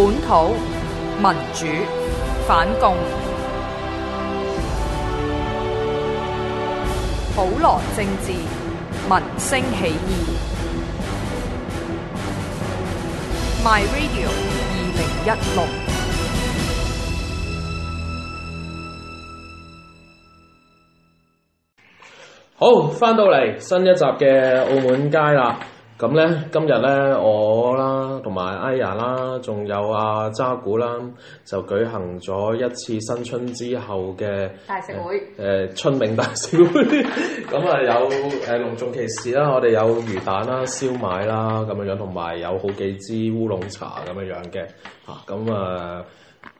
本土民主反共，普羅政治，民聲起義。My Radio 二零一六。好，翻到嚟新一集嘅澳門街啦。咁咧，今日咧我啦，同埋 Aya 啦，仲有阿、啊、渣古啦，就舉行咗一次新春之後嘅大食會，誒、呃、春茗大食會。咁 啊 有誒、呃、隆重其事啦，我哋有魚蛋啦、燒賣啦咁樣樣，同埋有好幾支烏龍茶咁樣樣嘅。嚇咁啊、呃，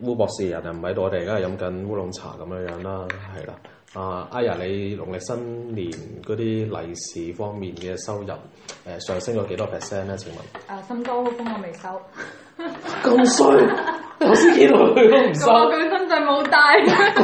烏博士人就唔喺度，我哋而家係飲緊烏龍茶咁樣樣啦，係啦。啊 Aya、哎、你農曆新年嗰啲利是方面嘅收入，誒、呃，上升咗幾多 percent 咧？請問啊，新加坡風我未收。 咁衰，我先 見到佢都唔收，佢身上冇帶，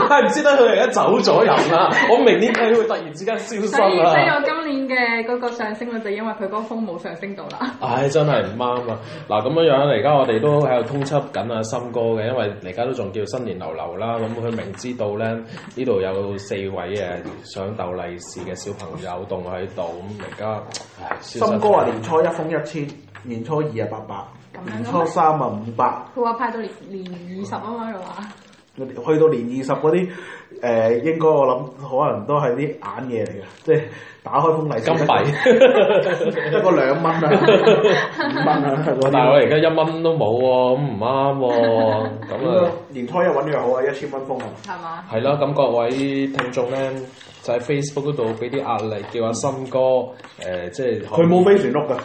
怪唔知得佢而家走咗人啦。我明年佢會突然之間消失啦。所以即係我今年嘅嗰個上升率就因為佢嗰封冇上升到啦。唉，真係唔啱啊！嗱，咁樣樣而家我哋都喺度通緝緊阿森哥嘅，因為而家都仲叫新年流流啦。咁佢明知道咧呢度有四位誒想逗利是嘅小朋友棟喺度，咁而家，森哥話、啊、年初一封一千，年初二啊八百。年初三啊，五百。佢話派到年，年二十啊嘛，佢話。嗯、去到年二十嗰啲，誒、呃、應該我諗可能都係啲眼嘢嚟㗎，即係打開封底金幣，一個兩蚊啊， 五蚊啊。是是但係我而家一蚊都冇喎、啊，咁唔啱喎。咁 樣、嗯、年初一揾咗好啊，一千蚊封啊。係嘛吧？係啦、啊，咁各位聽眾咧就喺、是、Facebook 嗰度俾啲壓力，叫阿森哥誒、呃，即係。佢冇飛船碌㗎。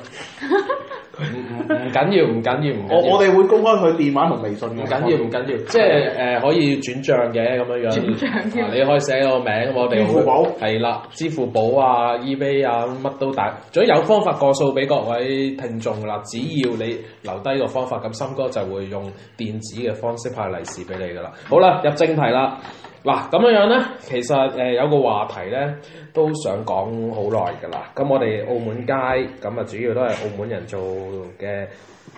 唔唔唔緊要，唔緊要，唔我我哋會公開佢電話同微信嘅。唔緊要，唔緊要，即係誒可以轉賬嘅咁樣樣。轉賬你可以寫個名，我哋係啦，支付寶啊、email 啊乜都打。總有方法過數俾各位聽眾啦。只要你留低個方法，咁深哥就會用電子嘅方式派利是俾你㗎啦。好啦，入正題啦。嗱，咁樣樣咧，其實誒、呃、有個話題咧，都想講好耐㗎啦。咁我哋澳門街咁啊，主要都係澳門人做嘅誒、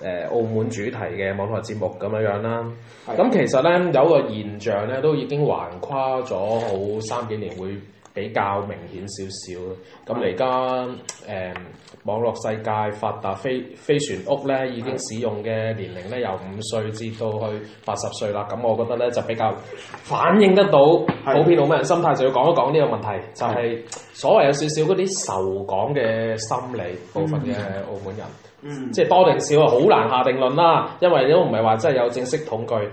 呃、澳門主題嘅網絡節目咁樣樣啦。咁其實咧，有個現象咧，都已經橫跨咗好三幾年會。比較明顯少少咁，而家誒網絡世界發達飛飛船屋咧，已經使用嘅年齡咧由五歲至到去八十歲啦。咁我覺得咧就比較反映得到普遍澳門人心態，就要講一講呢個問題，就係、是、所謂有少少嗰啲仇港嘅心理部分嘅澳門人，嗯嗯、即係多定少啊，好難下定論啦。因為都唔係話真係有正式統計，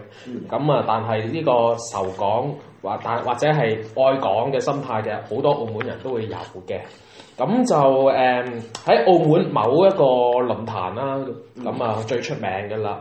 咁啊，但係呢個仇港。或大或者係愛港嘅心態嘅，好多澳門人都會有嘅。咁就誒喺、嗯、澳門某一個論壇啦，咁啊最出名嘅啦，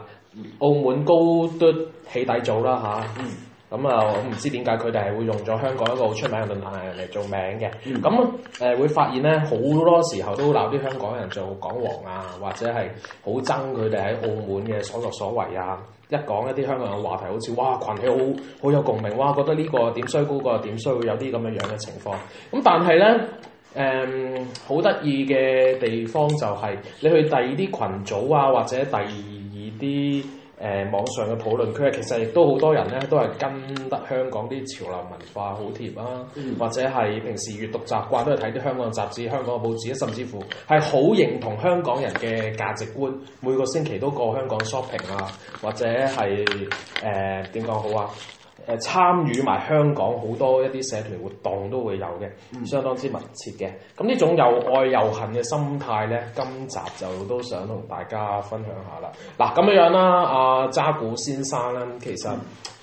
澳門高登起底組啦嚇。咁啊唔知點解佢哋係會用咗香港一個好出名嘅論壇嚟做名嘅。咁誒、嗯、會發現咧，好多時候都鬧啲香港人做港王啊，或者係好憎佢哋喺澳門嘅所作所為啊。一講一啲香港人嘅話題，好似哇群體好好有，共鳴，哇覺得呢個點衰嗰個點衰，會有啲咁樣樣嘅情況。咁但係咧，誒好得意嘅地方就係、係、你去第二啲群組啊，或者第二啲。誒、呃、網上嘅討論區啊，其實亦都好多人咧，都係跟得香港啲潮流文化好貼啊，嗯、或者係平時閲讀習慣都係睇啲香港嘅雜誌、香港嘅報紙，甚至乎係好認同香港人嘅價值觀，每個星期都過香港 shopping 啊，或者係誒點講好啊？誒參與埋香港好多一啲社團活動都會有嘅，相當之密切嘅。咁呢種又愛又恨嘅心態呢，今集就都想同大家分享下啦。嗱，咁樣樣啦，阿渣古先生啦，其實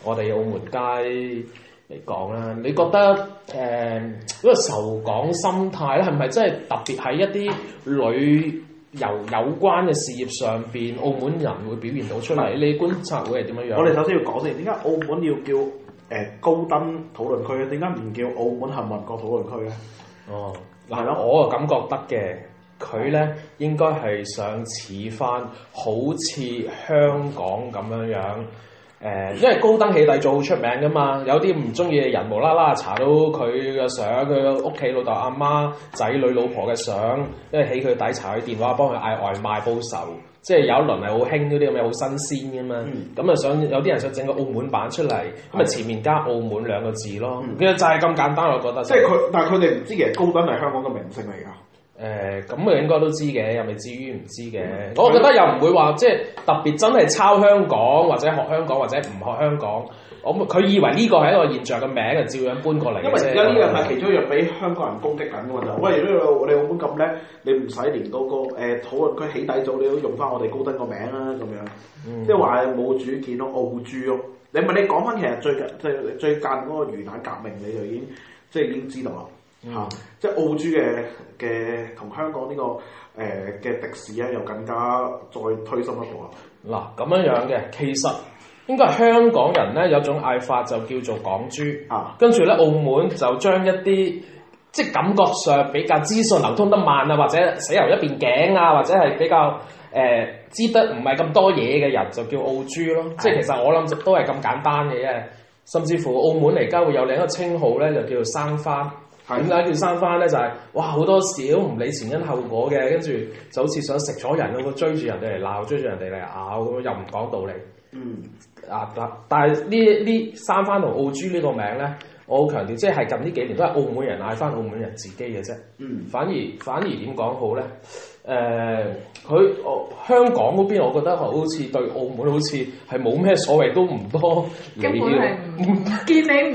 我哋澳門街嚟講啦，你覺得誒嗰、呃那個仇港心態咧，係咪真係特別喺一啲旅遊有關嘅事業上邊，澳門人會表現到出嚟？你觀察會係點樣樣？我哋首先要講先，點解澳門要叫？誒高登討論區，點解唔叫澳門恆民國討論區咧？哦，嗱的，咯，我啊感覺得嘅，佢咧應該係想似翻好似香港咁樣樣，誒、呃，因為高登起底做好出名㗎嘛，有啲唔中意嘅人無啦啦查到佢嘅相，佢屋企老豆阿媽仔女老婆嘅相，因為起佢底，查佢電話，幫佢嗌外賣報仇。即係有一輪係好興嗰啲咁嘅好新鮮嘅嘛，咁啊、嗯、想有啲人想整個澳門版出嚟，咁啊、嗯、前面加澳門兩個字咯，其實、嗯、就係咁簡單，我覺得、就是嗯。即係佢，但係佢哋唔知嘅，高登係香港嘅名聲嚟㗎。誒、呃，咁啊應該都知嘅，又未至於唔知嘅。嗯、我覺得又唔會話即係特別真係抄香港或者學香港或者唔學香港。我佢以為呢個係一個現象嘅名，就照樣搬過嚟。因為而家呢樣係其中一樣俾香港人攻擊緊㗎嘛，就、嗯、喂，如果你澳門咁叻，你唔使連到個誒討論區起底組，你都用翻我哋高登個名啦咁樣，嗯、即係話冇主見到澳豬咯。你問你講翻，其實最近即係最，最，最近嗰個魚蛋革命，你就已經即係已經知道啦嚇、嗯啊，即係澳豬嘅嘅同香港呢、這個誒嘅敵視咧，又更加再推深一步啦、嗯。嗱咁樣樣嘅，其實。應該係香港人咧，有種嗌法就叫做港豬，跟住咧澳門就將一啲即係感覺上比較資訊流通得慢啊，或者死由一邊頸啊，或者係比較誒、呃、知得唔係咁多嘢嘅人就叫澳豬咯。即係其實我諗都係咁簡單嘅啫。甚至乎澳門嚟，而家會有另一個稱號咧，就叫做生番。點解叫生番咧？就係、是、哇，好多事都唔理前因後果嘅，跟住就好似想食咗人咁，追住人哋嚟鬧，追住人哋嚟咬咁，樣又唔講道理。嗯。啊！但但係呢呢生番同澳豬呢個名咧。我好強調，即係近呢幾年都係澳門人嗌翻澳門人自己嘅啫。嗯反，反而反而點講好咧？誒、呃，佢、呃、香港嗰邊，我覺得好似對澳門好似係冇咩所謂，都唔多理、嗯、見你唔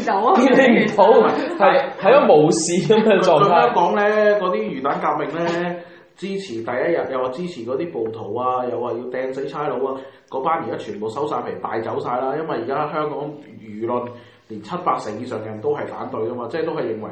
到啊！ 見你唔到，係係一個無事無視咁嘅狀態。再講咧，嗰啲魚蛋革命咧，支持第一日又話支持嗰啲暴徒啊，又話要掟死差佬啊，嗰班而家全部收晒皮，敗走晒啦。因為而家香港輿論。連七八成以上嘅人都係反對噶嘛，即係都係認為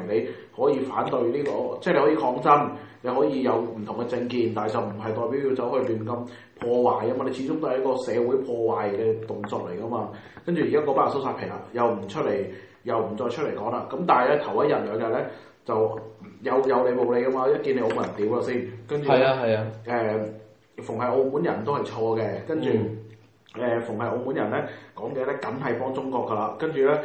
你可以反對呢個，即係你可以抗爭，你可以有唔同嘅政見，但係就唔係代表要走去亂咁破壞啊嘛，你始終都係一個社會破壞嘅動作嚟噶嘛。跟住而家嗰班人收曬皮啦，又唔出嚟，又唔再出嚟講啦。咁但係咧，頭一日兩日咧，就有有理冇理噶嘛，一見你澳門人屌咗先，跟住係啊係啊，誒、啊，逢係、呃、澳門人都係錯嘅，跟住誒，逢係、嗯呃、澳門人咧講嘅咧，梗係幫中國噶啦，跟住咧。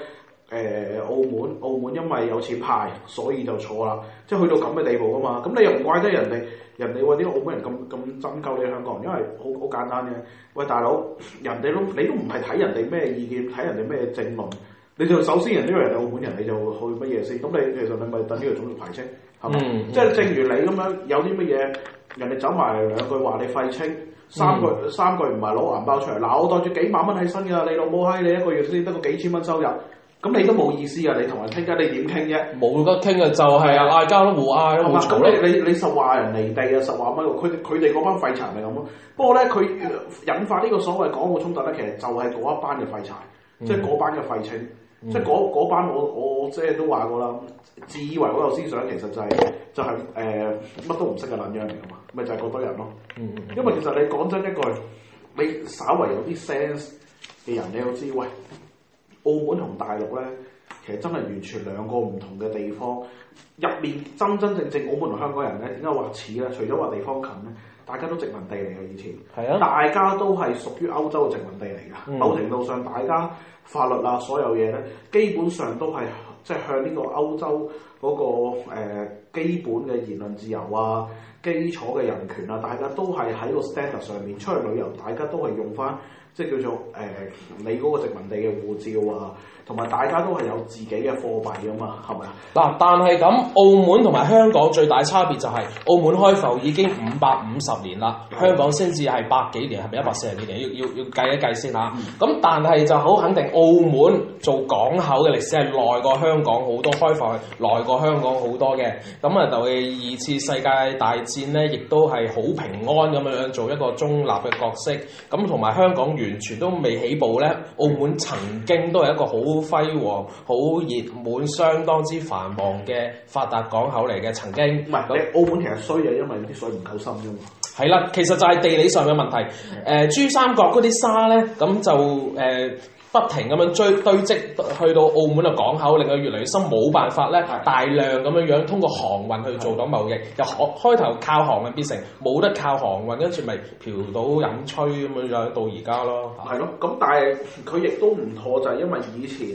誒、呃、澳門，澳門因為有錢派，所以就錯啦，即係去到咁嘅地步啊嘛！咁你又唔怪得人哋，人哋話啲澳門人咁咁憎鳩啲香港人，因為好好簡單嘅。喂，大佬，人哋都你都唔係睇人哋咩意見，睇人哋咩評論，你就首先人因為人澳門人，你就去乜嘢先？咁你其實你咪等呢個種族排斥，係嘛？Mm hmm. 即係正如你咁樣有啲乜嘢，人哋走埋兩句話你廢青，三句、mm hmm. 三句唔係攞銀包出嚟嗱，我袋住幾萬蚊起身㗎，你老母閪，你一個月先得個幾千蚊收入。咁你都冇意思啊！你同人傾偈、啊，你點傾啫？冇得傾啊！就係、是、啊，嗌交都冇嗌啊！咁、啊、你你你實話人離地啊！實話乜？佢佢哋嗰班廢柴咪咁咯。不過咧，佢引發呢個所謂港澳衝突咧，其實就係嗰一班嘅廢柴，即係嗰班嘅廢青，嗯、即係嗰班我我即係都話過啦，自以為我有思想，其實就係、是、就係誒乜都唔識嘅撚樣嚟噶嘛，咪就係、是、嗰堆人咯。嗯嗯嗯、因為其實你講真一句，你稍為有啲 sense 嘅人，你都知喂。澳門同大陸呢，其實真係完全兩個唔同嘅地方。入面真真正正澳門同香港人呢，點解話似呢？除咗話地方近咧，大家都殖民地嚟嘅以前，啊、大家都係屬於歐洲嘅殖民地嚟噶。某、嗯、程度上，大家法律啊，所有嘢呢，基本上都係即係向呢個歐洲嗰、嗰個、呃、基本嘅言論自由啊，基礎嘅人權啊，大家都係喺個 status 上面出去旅遊，大家都係用翻。即係叫做誒、呃，你嗰個殖民地嘅護照啊，同埋大家都係有自己嘅貨幣啊嘛，係咪啊？嗱，但係咁，澳門同埋香港最大差別就係、是、澳門開埠已經五百五十年啦，香港先至係百幾年，係咪一百四十幾年？要要要計一計先吓、啊，咁、嗯、但係就好肯定，澳門做港口嘅歷史係耐過香港好多，開埠耐過香港好多嘅。咁啊，就二次世界大戰咧，亦都係好平安咁樣做一個中立嘅角色。咁同埋香港完全都未起步咧，澳門曾經都係一個好輝煌、好熱滿、相當之繁忙嘅發達港口嚟嘅。曾經唔係，澳門其實衰啊，因為啲水唔夠深啫嘛。係啦，其實就係地理上嘅問題。誒、呃，珠三角嗰啲沙咧，咁就誒。呃不停咁樣堆堆積去到澳門嘅港口，令佢越嚟越深，冇辦法咧，大量咁樣樣通過航運去做到貿易，由開頭靠航運變成冇得靠航運，跟住咪嫖賭飲吹咁樣，到而家咯。係咯，咁但係佢亦都唔妥，就係、是、因為以前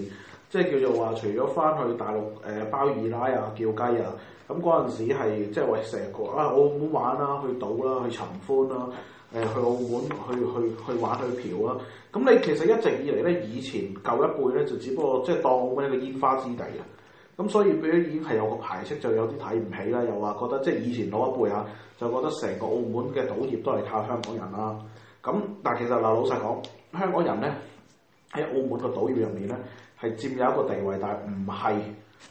即係、就是、叫做話，除咗翻去大陸誒包二奶啊、叫雞啊，咁嗰陣時係即係話成個啊澳門玩啦、啊，去賭啦、啊啊，去尋歡啦、啊。誒去澳門去去去玩去嫖啦，咁你其實一直以嚟咧，以前舊一輩咧就只不過即係當咁一個煙花之地嘅，咁所以佢已經係有個排斥，就有啲睇唔起啦，又話覺得即係以前老一輩吓就覺得成個澳門嘅賭業都係靠香港人啦。咁但係其實嗱老實講，香港人咧喺澳門個賭業入面咧係佔有一個地位，但係唔係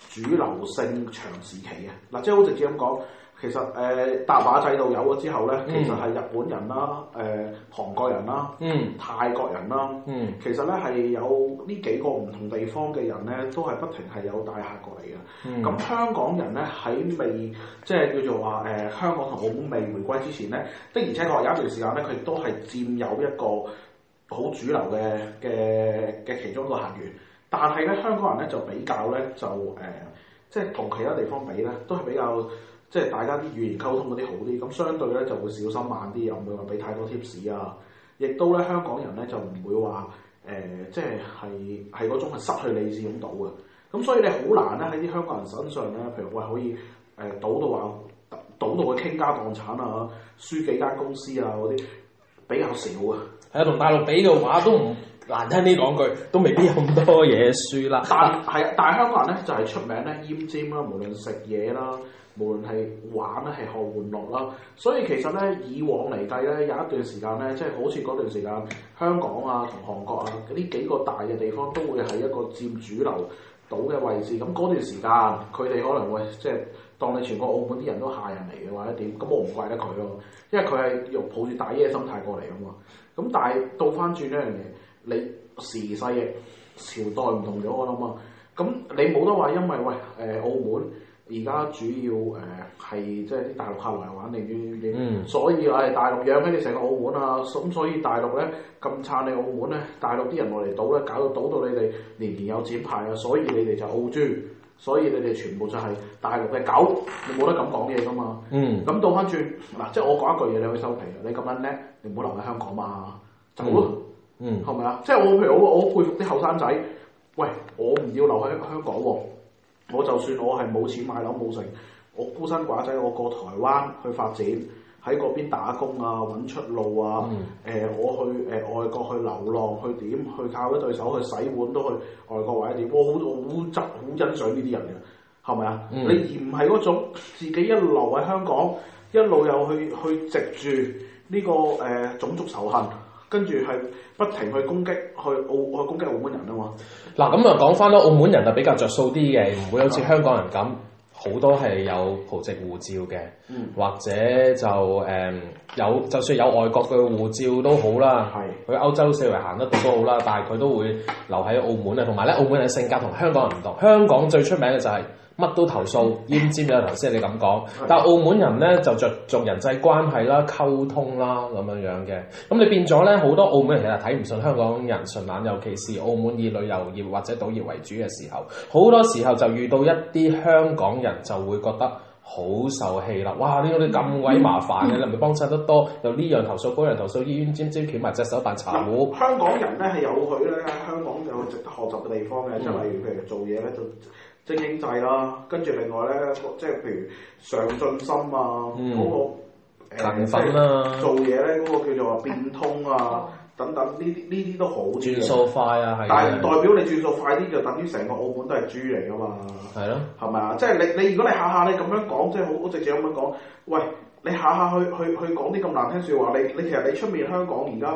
主流性長時期嘅。嗱，即係好直接咁講。其實誒大把制度有咗之後咧，嗯、其實係日本人啦、誒、呃、韓國人啦、嗯、泰國人啦，嗯、其實咧係有呢幾個唔同地方嘅人咧，都係不停係有帶客過嚟嘅。咁、嗯、香港人咧喺未即係叫做話誒、呃、香港同澳門未回歸之前咧，的而且確有一段時間咧，佢都係佔有一個好主流嘅嘅嘅其中一個客源。但係咧，香港人咧就比較咧就誒、呃，即係同其他地方比咧，都係比較。即係大家啲語言溝通嗰啲好啲，咁相對咧就會小心慢啲，又唔會話俾太多貼士啊。亦都咧香港人咧就唔會話誒、呃，即係係係嗰種係失去理智咁賭嘅。咁所以咧好難咧喺啲香港人身上咧，譬如我可以誒賭到話賭到去傾家蕩產啊，輸幾間公司啊嗰啲比較少啊。係啊，同大陸比嘅話都唔難聽啲講句， 都未必有咁多嘢輸啦。 但係啊，但係香港人咧就係、是、出名咧，腌尖啦，無論食嘢啦。無論係玩咧，係學玩樂啦，所以其實咧，以往嚟計咧，有一段時間咧，即係好似嗰段時間，香港啊同韓國啊，呢幾個大嘅地方都會係一個佔主流島嘅位置。咁嗰段時間，佢哋可能會即係當你全個澳門啲人都下人嚟嘅或者點，咁我唔怪得佢咯，因為佢係用抱住大爺心態過嚟啊嘛。咁但係倒返轉呢樣嘢，你時勢嘅朝代唔同咗啊嘛。咁你冇得話，因為喂誒、呃、澳門。而家主要誒係即係啲大陸客嚟玩，你知唔知？所以係大陸養畀你成個澳門啊，咁所以大陸咧咁撐你澳門咧，大陸啲人落嚟賭咧，搞到賭到你哋年年有錢派啊，所以你哋就澳豬，所以你哋全部就係大陸嘅狗，你冇得咁講嘢噶嘛。咁倒翻轉嗱，即係、就是、我講一句嘢，你可以收皮啊！你咁樣叻，你唔好留喺香港嘛，走啦，係咪啊？即、嗯、係、就是、我譬如我我佩服啲後生仔，喂，我唔要留喺香港喎、啊。我就算我係冇錢買樓冇剩，我孤身寡仔，我過台灣去發展，喺嗰邊打工啊，揾出路啊，誒、嗯呃，我去誒、呃、外國去流浪，去點？去靠一對手去洗碗都去外國或者點？我好好好欣賞呢啲人嘅，係咪啊？嗯、你而唔係嗰種自己一路喺香港，一路又去去藉住呢、這個誒、呃、種族仇恨。跟住係不停去攻擊，去澳去攻擊澳門人啊嘛！嗱咁啊，講翻啦。澳門人就比較着數啲嘅，唔會好似香港人咁好、嗯、多係有葡籍護照嘅，嗯、或者就誒、呃、有就算有外國嘅護照都好啦，是去歐洲四圍行得到都好啦，但係佢都會留喺澳門啊。同埋咧，澳門人性格同香港人唔同，香港最出名嘅就係、是。乜都投訴，奄尖有頭先你咁講，是的 但澳門人咧就着重人際關係啦、溝通啦咁樣樣嘅，咁你變咗咧好多澳門人其實睇唔順香港人順眼，尤其是澳門以旅遊業或者賭業為主嘅時候，好多時候就遇到一啲香港人就會覺得好受氣啦！哇，呢啲咁鬼麻煩嘅，嗯嗯、你唔係幫襯得多，又呢樣投訴，嗰樣投訴，奄尖尖攣埋隻手扮茶壺、嗯。香港人咧係有佢咧，香港有值得學習嘅地方嘅，就例、係、譬如做嘢咧就。精英制啦，跟住、啊、另外咧，即係譬如上進心啊，嗰個誒即係做嘢咧嗰個叫做變通啊等等，呢啲呢啲都好啲。轉數快啊，係。但係唔代表你轉數快啲就等於成個澳門都係豬嚟㗎嘛？係咯。係咪啊？即係你你如果你下下你咁樣講，即係好好直接咁樣講，喂，你下下去去去講啲咁難聽説話，你你你其實你出面香港而家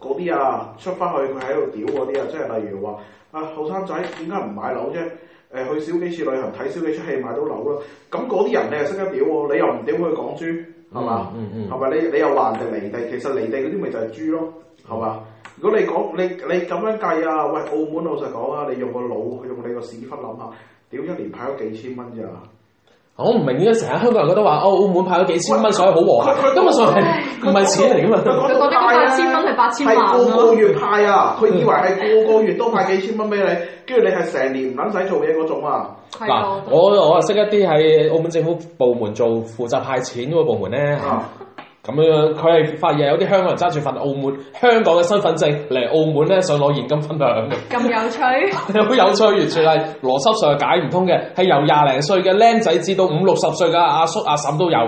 嗰啲啊出翻去佢喺度屌嗰啲啊，即係例如話啊後生仔點解唔買樓啫？誒去少幾次旅行，睇少幾出戲，買到樓啦。咁嗰啲人你又識得屌喎，你又唔點去，去講豬，係嘛？係咪你你又話人哋離地，其實離地嗰啲咪就係豬咯，係嘛？如果你講你你咁樣計啊，喂，澳門老實講啊，你用個腦，用你個屎忽諗下，屌一年派咗幾千蚊咋？我唔明點解成日香港人覺得話哦，澳門派咗幾千蚊，喂所以好和諧。今日所謂唔係錢嚟噶嘛？佢覺得嗰八千蚊係八千萬，啊。個個月派啊！佢、啊嗯、以為係個個月都派幾千蚊俾你，跟住你係成年唔撚使做嘢嗰種啊！嗱的，我我啊識一啲喺澳門政府部門做負責派錢嗰個部門咧。啊咁樣，佢係發現有啲香港人揸住份澳門香港嘅身份證嚟澳門咧，想攞現金分享。咁有趣？好有趣，完全係邏輯上係解唔通嘅，係由廿零歲嘅僆仔至到五六十歲嘅阿叔阿嬸都有。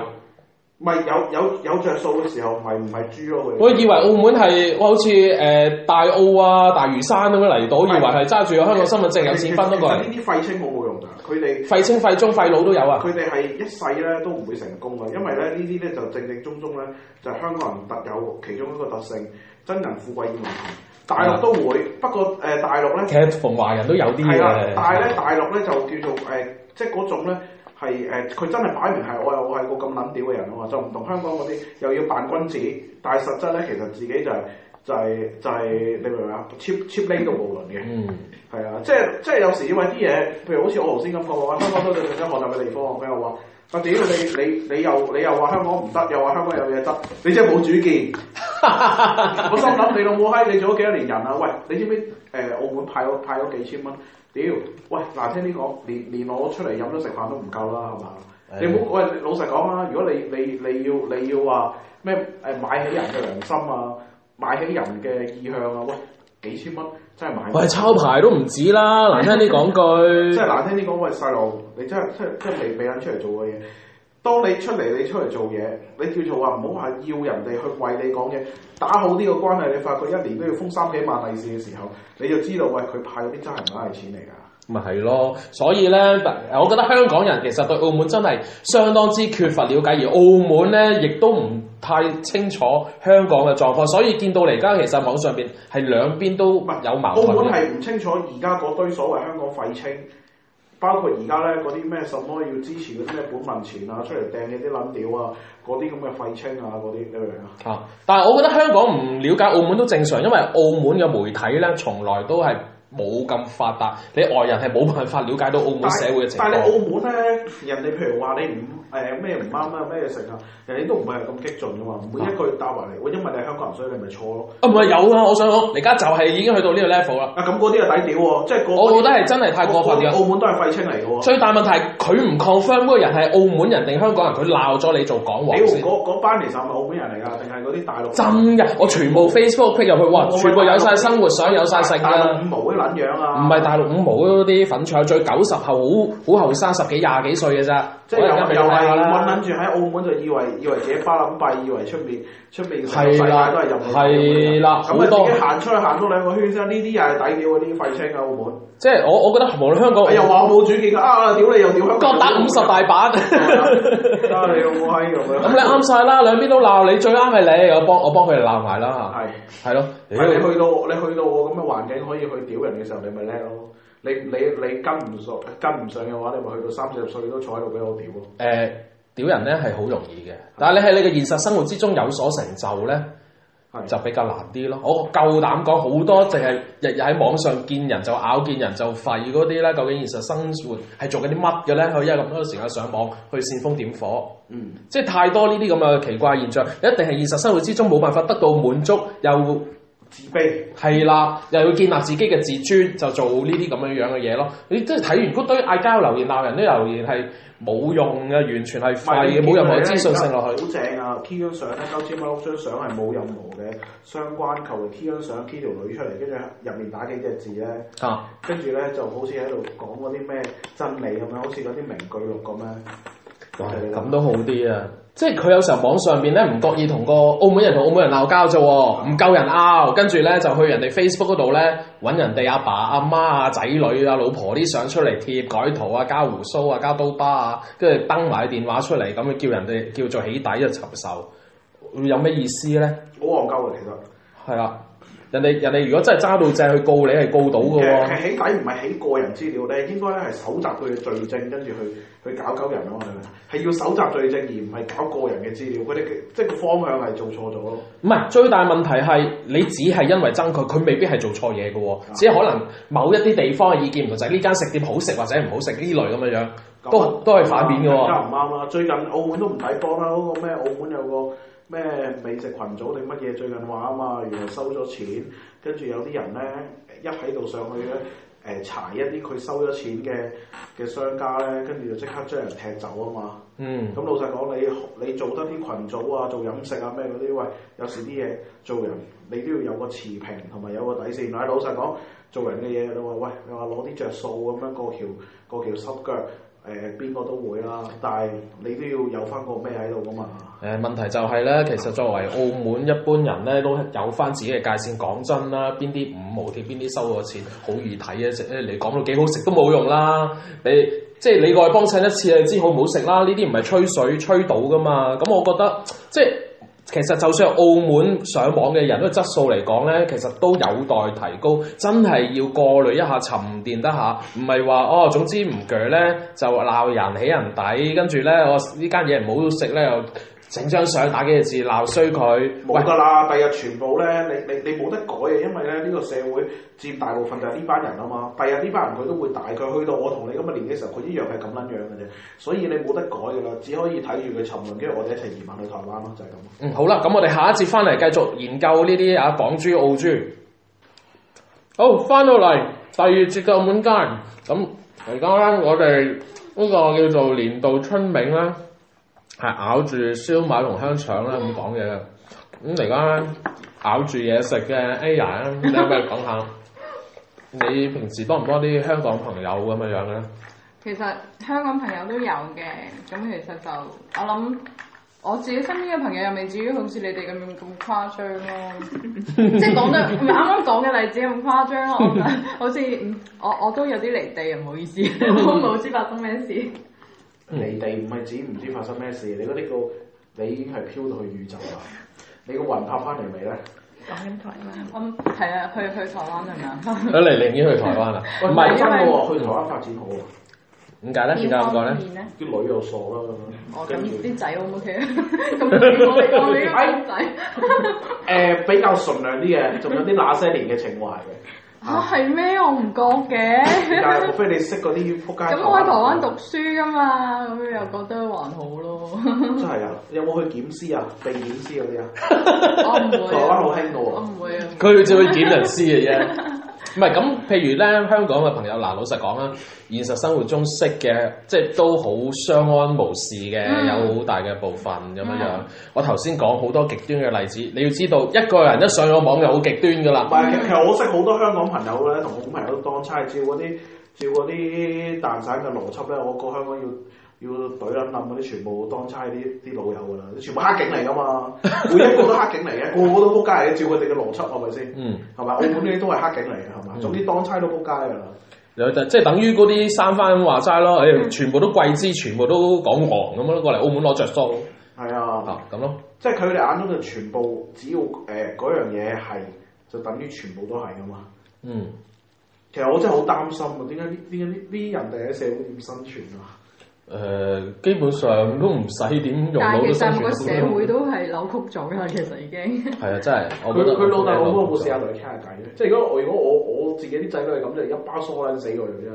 唔係有有有著數嘅時候、啊，唔唔係豬咯。我以為澳門係我好似誒、呃、大澳啊、大嶼山咁樣嚟到，是以為係揸住香港身份證有錢分多過。呢啲廢青冇佢哋廢青、廢中、廢老都有啊！佢哋係一世咧都唔會成功嘅，因為咧呢啲咧就正正宗宗咧就係、香港人特有其中一個特性，真人富貴現問題。嗯、大陸都會，不過誒、呃、大陸咧其實逢華人都有啲嘅。係啦、啊，但係咧大陸咧就叫做誒、呃，即係嗰種咧係誒，佢、呃、真係擺明係我又係個咁撚屌嘅人啊嘛，就唔同香港嗰啲又要扮君子，但係實質咧其實自己就係、係。就係就係你明唔明啊？貼貼呢個無輪嘅，係啊、嗯，即係即係有時因為啲嘢，譬如好似我頭先咁講啊，香港都有值得學習嘅地方。佢又話，我屌你你你又你又話香港唔得，又話香港有嘢得，你真係冇主見。 我心諗你老母閪，你做咗幾多年人啦？喂，你知唔知？誒，澳門派咗派咗幾千蚊？屌，喂，難聽啲講，連連我出嚟飲咗食飯都唔夠啦，係嘛、哎呀？你唔好喂，老實講啦，如果你你你要你要話咩？誒，買起人嘅良心啊！買起人嘅意向啊！喂，幾千蚊真係買。喂，抄牌都唔止啦！難聽啲講句，真係難聽啲講。喂，細路，你真係真係真未未肯出嚟做嘅嘢。當你出嚟，你出嚟做嘢，你叫做話唔好話要人哋去為你講嘢。打好呢個關係，你發覺一年都要封三幾萬利是嘅時候，你就知道喂，佢派嗰啲真係唔係錢嚟㗎。咪係咯，所以咧，我覺得香港人其實對澳門真係相當之缺乏了解，而澳門咧亦都唔太清楚香港嘅狀況，所以見到嚟而家其實網上邊係兩邊都乜有矛盾。澳門係唔清楚而家嗰堆所謂香港廢青，包括而家咧嗰啲咩什麼要支持嗰啲咩本民前啊，出嚟掟嘅啲撚屌啊，嗰啲咁嘅廢青啊嗰啲，咁樣樣啊。啊！但係我覺得香港唔了解澳門都正常，因為澳門嘅媒體咧從來都係。冇咁發達，你外人係冇辦法了解到澳門社會嘅情況。但你澳門咧，人哋譬如話你唔誒咩唔啱啊咩成啊，人哋都唔係咁激進嘅嘛。每一句答埋嚟，我因為你係香港人，所以你咪錯咯。啊唔係有啊，我想講，而家就係已經去到呢個 level 啦。啊咁嗰啲啊底屌喎，即係我覺得係真係太過分嘅。澳門都係廢青嚟嘅喎。最大問題，佢唔 confirm 嗰人係澳門人定香港人，佢鬧咗你做港王先。嗰班其實唔係澳門人嚟㗎，定係嗰啲大陸人真嘅。我全部 Facebook pick 入去，哇！全部有晒生活相有晒世界。五毛粉樣啊！唔係大陸五毛嗰啲粉腸，最九十後好好後生，十幾廿幾歲嘅咋。即係又又係揾揾住喺澳門就以為以為自己把幾咁閉，以為出面出面世世界都係任我。係啦，咁你自己行出去行多兩個圈先。呢啲又係抵屌啊！啲廢青啊！澳門。即係我我覺得無論香港，又話我冇主見啊！屌你又屌！各打五十大板。啊！你好閪用咁你啱晒啦，兩邊都鬧你，最啱係你。我幫我幫佢哋鬧埋啦嚇。係係咯，你去到你去到我咁嘅環境，可以去屌嘅。嘅時候你咪叻咯，你你你跟唔熟跟唔上嘅話，你咪去到三四十歲都坐喺度俾我屌咯。誒，屌人咧係好容易嘅，但係你喺你嘅現實生活之中有所成就咧，是的 就比較難啲咯。我夠膽講好多，淨係日日喺網上見人就咬，見人就吠嗰啲咧，究竟現實生活係做緊啲乜嘅咧？佢一係咁多時間上網去煽風點火，嗯，即係太多呢啲咁嘅奇怪現象，一定係現實生活之中冇辦法得到滿足又。自卑係啦，又要建立自己嘅自尊，就做呢啲咁樣樣嘅嘢咯。你真係睇完一堆嗌交、留言、鬧人啲留言係冇用嘅，完全係廢嘅，冇任何資訊性落去。好正、嗯、啊！貼張相咧，鳩千蚊碌張相係冇任何嘅相關，求其貼張相，貼條女出嚟，跟住入面打幾隻字咧，跟住咧就好似喺度講嗰啲咩真理咁樣，好似嗰啲名句錄咁樣。咁都、嗯、好啲啊！即係佢有時候網上邊咧唔覺意同個澳門人同澳門人鬧交啫，唔夠人拗，跟住咧就去人哋 Facebook 嗰度咧搵人哋阿爸阿媽啊仔女啊老婆啲相出嚟貼，改圖啊加鬍鬚啊加刀疤啊，跟住登埋電話出嚟，咁樣叫人哋叫做起底又尋仇，有咩意思咧？好戇鳩啊！其實係啊。人哋人哋如果真係揸到證去告你係告到嘅喎，佢起底唔係起個人資料你應該咧係搜集佢嘅罪證，跟住去去搞鳩人咯、啊，係咪？係要搜集罪證而唔係搞個人嘅資料，佢哋即係個方向係做錯咗咯。唔係最大問題係你只係因為爭佢，佢未必係做錯嘢嘅喎，只係、啊、可能某一啲地方嘅意見唔同，就係呢間食店好食或者唔好食呢類咁嘅樣，都都係反面嘅喎。而唔啱啊！最近澳門都唔抵幫啦，嗰、嗰個咩澳門有個。咩美食群組定乜嘢最近話啊嘛，原來收咗錢，跟住有啲人呢，一喺度上去呢，誒、呃、查一啲佢收咗錢嘅嘅商家呢，跟住就即刻將人踢走啊嘛。嗯。咁、嗯、老實講，你你做得啲群組啊，做飲食啊咩嗰啲，喂，有時啲嘢做人你都要有個持平同埋有，有個底線。嗱，老實講，做人嘅嘢你話喂，你話攞啲着數咁樣過橋過橋濕腳。誒邊個都會啦，但係你都要有翻個咩喺度噶嘛？誒、呃、問題就係、是、咧，其實作為澳門一般人咧，都有翻自己嘅界線。講真啦，邊啲五毛貼，邊啲收咗錢，好易睇啊！食、欸、誒，你講到幾好食都冇用啦。你即係你過去幫襯一次，你知好唔好食啦？呢啲唔係吹水吹到噶嘛。咁、嗯、我覺得即係。其實就算澳門上網嘅人都質素嚟講咧，其實都有待提高，真係要過濾一下、沉澱得下，唔係話哦，總之唔鋸咧就鬧人起人底，跟住咧我呢間嘢唔好食咧又。整張相打幾隻字鬧衰佢，冇噶啦！第日全部咧，你你你冇得改嘅，因為咧呢、呢個社會佔大部分就係呢班人啊嘛。第日呢班人佢都會大概去到我同你咁嘅年紀時候，佢一樣係咁撚樣嘅啫。所以你冇得改嘅啦，只可以睇住佢沉淪，跟住我哋一齊移民去台灣咯，就係、係、咁。嗯，好啦，咁我哋下一節翻嚟繼續研究呢啲啊，港珠澳珠。好，翻到嚟第二節嘅澳門街，咁而家咧我哋呢個叫做年度春茗啦。係咬住燒賣同香腸啦，咁講嘢嘅。咁嚟講，咬住嘢食嘅 Aya，你有咩講下，你平時多唔多啲香港朋友咁樣樣咧？其實香港朋友都有嘅，咁其實就我諗我自己身邊嘅朋友又未至於好似你哋咁樣咁誇張咯、啊。 即係講得，唔係啱啱講嘅例子咁誇張咯， 好似我我都有啲離地啊，唔好意思， 我冇知發生咩事。你哋唔係指唔知發生咩事，你嗰啲個你已經係飄到去宇宙啦。你個魂魄翻嚟未咧？講緊台灣，我係啊，去去台灣係咪啊？你寧願去台灣啊？唔係真嘅喎，去台灣發展好喎。點解咧？點解咁講咧？啲女又傻啦咁樣。咁啲仔 O 唔 O K 啊？咁啲仔，誒比較純良啲嘅，仲有啲那些年嘅情懷嘅。嚇係咩？我唔覺嘅。除 非你識嗰啲撲街台。咁 我喺台灣讀書噶嘛，咁 又覺得還好咯。 真係啊！有冇去檢屍啊？被檢屍嗰啲啊？我唔會台灣好興喎。我唔會，我會， 會啊。佢只去檢人屍嘅啫。唔係咁，譬如咧，香港嘅朋友嗱，老實講啦，現實生活中識嘅，即係都好相安無事嘅，嗯、有好大嘅部分咁樣樣。嗯、我頭先講好多極端嘅例子，你要知道，一個人一上咗網就好極端噶啦。唔係、嗯，其實我識好多香港朋友咧，同我好朋友當差照嗰啲照嗰啲蛋散嘅邏輯咧，我過香港要。要隊冧冧嗰啲全部當差啲啲老友噶啦，全部黑警嚟噶嘛，每一個都黑警嚟嘅，個 個都仆街嚟，照佢哋嘅邏輯，係咪先？嗯，係咪澳門呢啲都係黑警嚟嘅，係咪啊？嗯、總之當差都仆街噶啦。即係、就是、等於嗰啲生番話齋咯，誒、欸，全部都貴資，全部都講行咁樣過嚟澳門攞着數。係、嗯、啊，咁、啊、咯。即係佢哋眼中就全部，只要誒嗰、呃、樣嘢係，就等於全部都係噶嘛。嗯。其實我真係好擔心啊，點解呢？點解呢？呢啲人哋喺社會點生存啊？誒，基本上都唔使點用腦，但其實個社會都係扭曲咗啦，其實已經 實。係啊，真係，佢佢老豆老母冇試下同佢傾下偈，即係如，如果我如果我我自己啲仔女係咁啫，就一巴疏撚死佢嘅啫。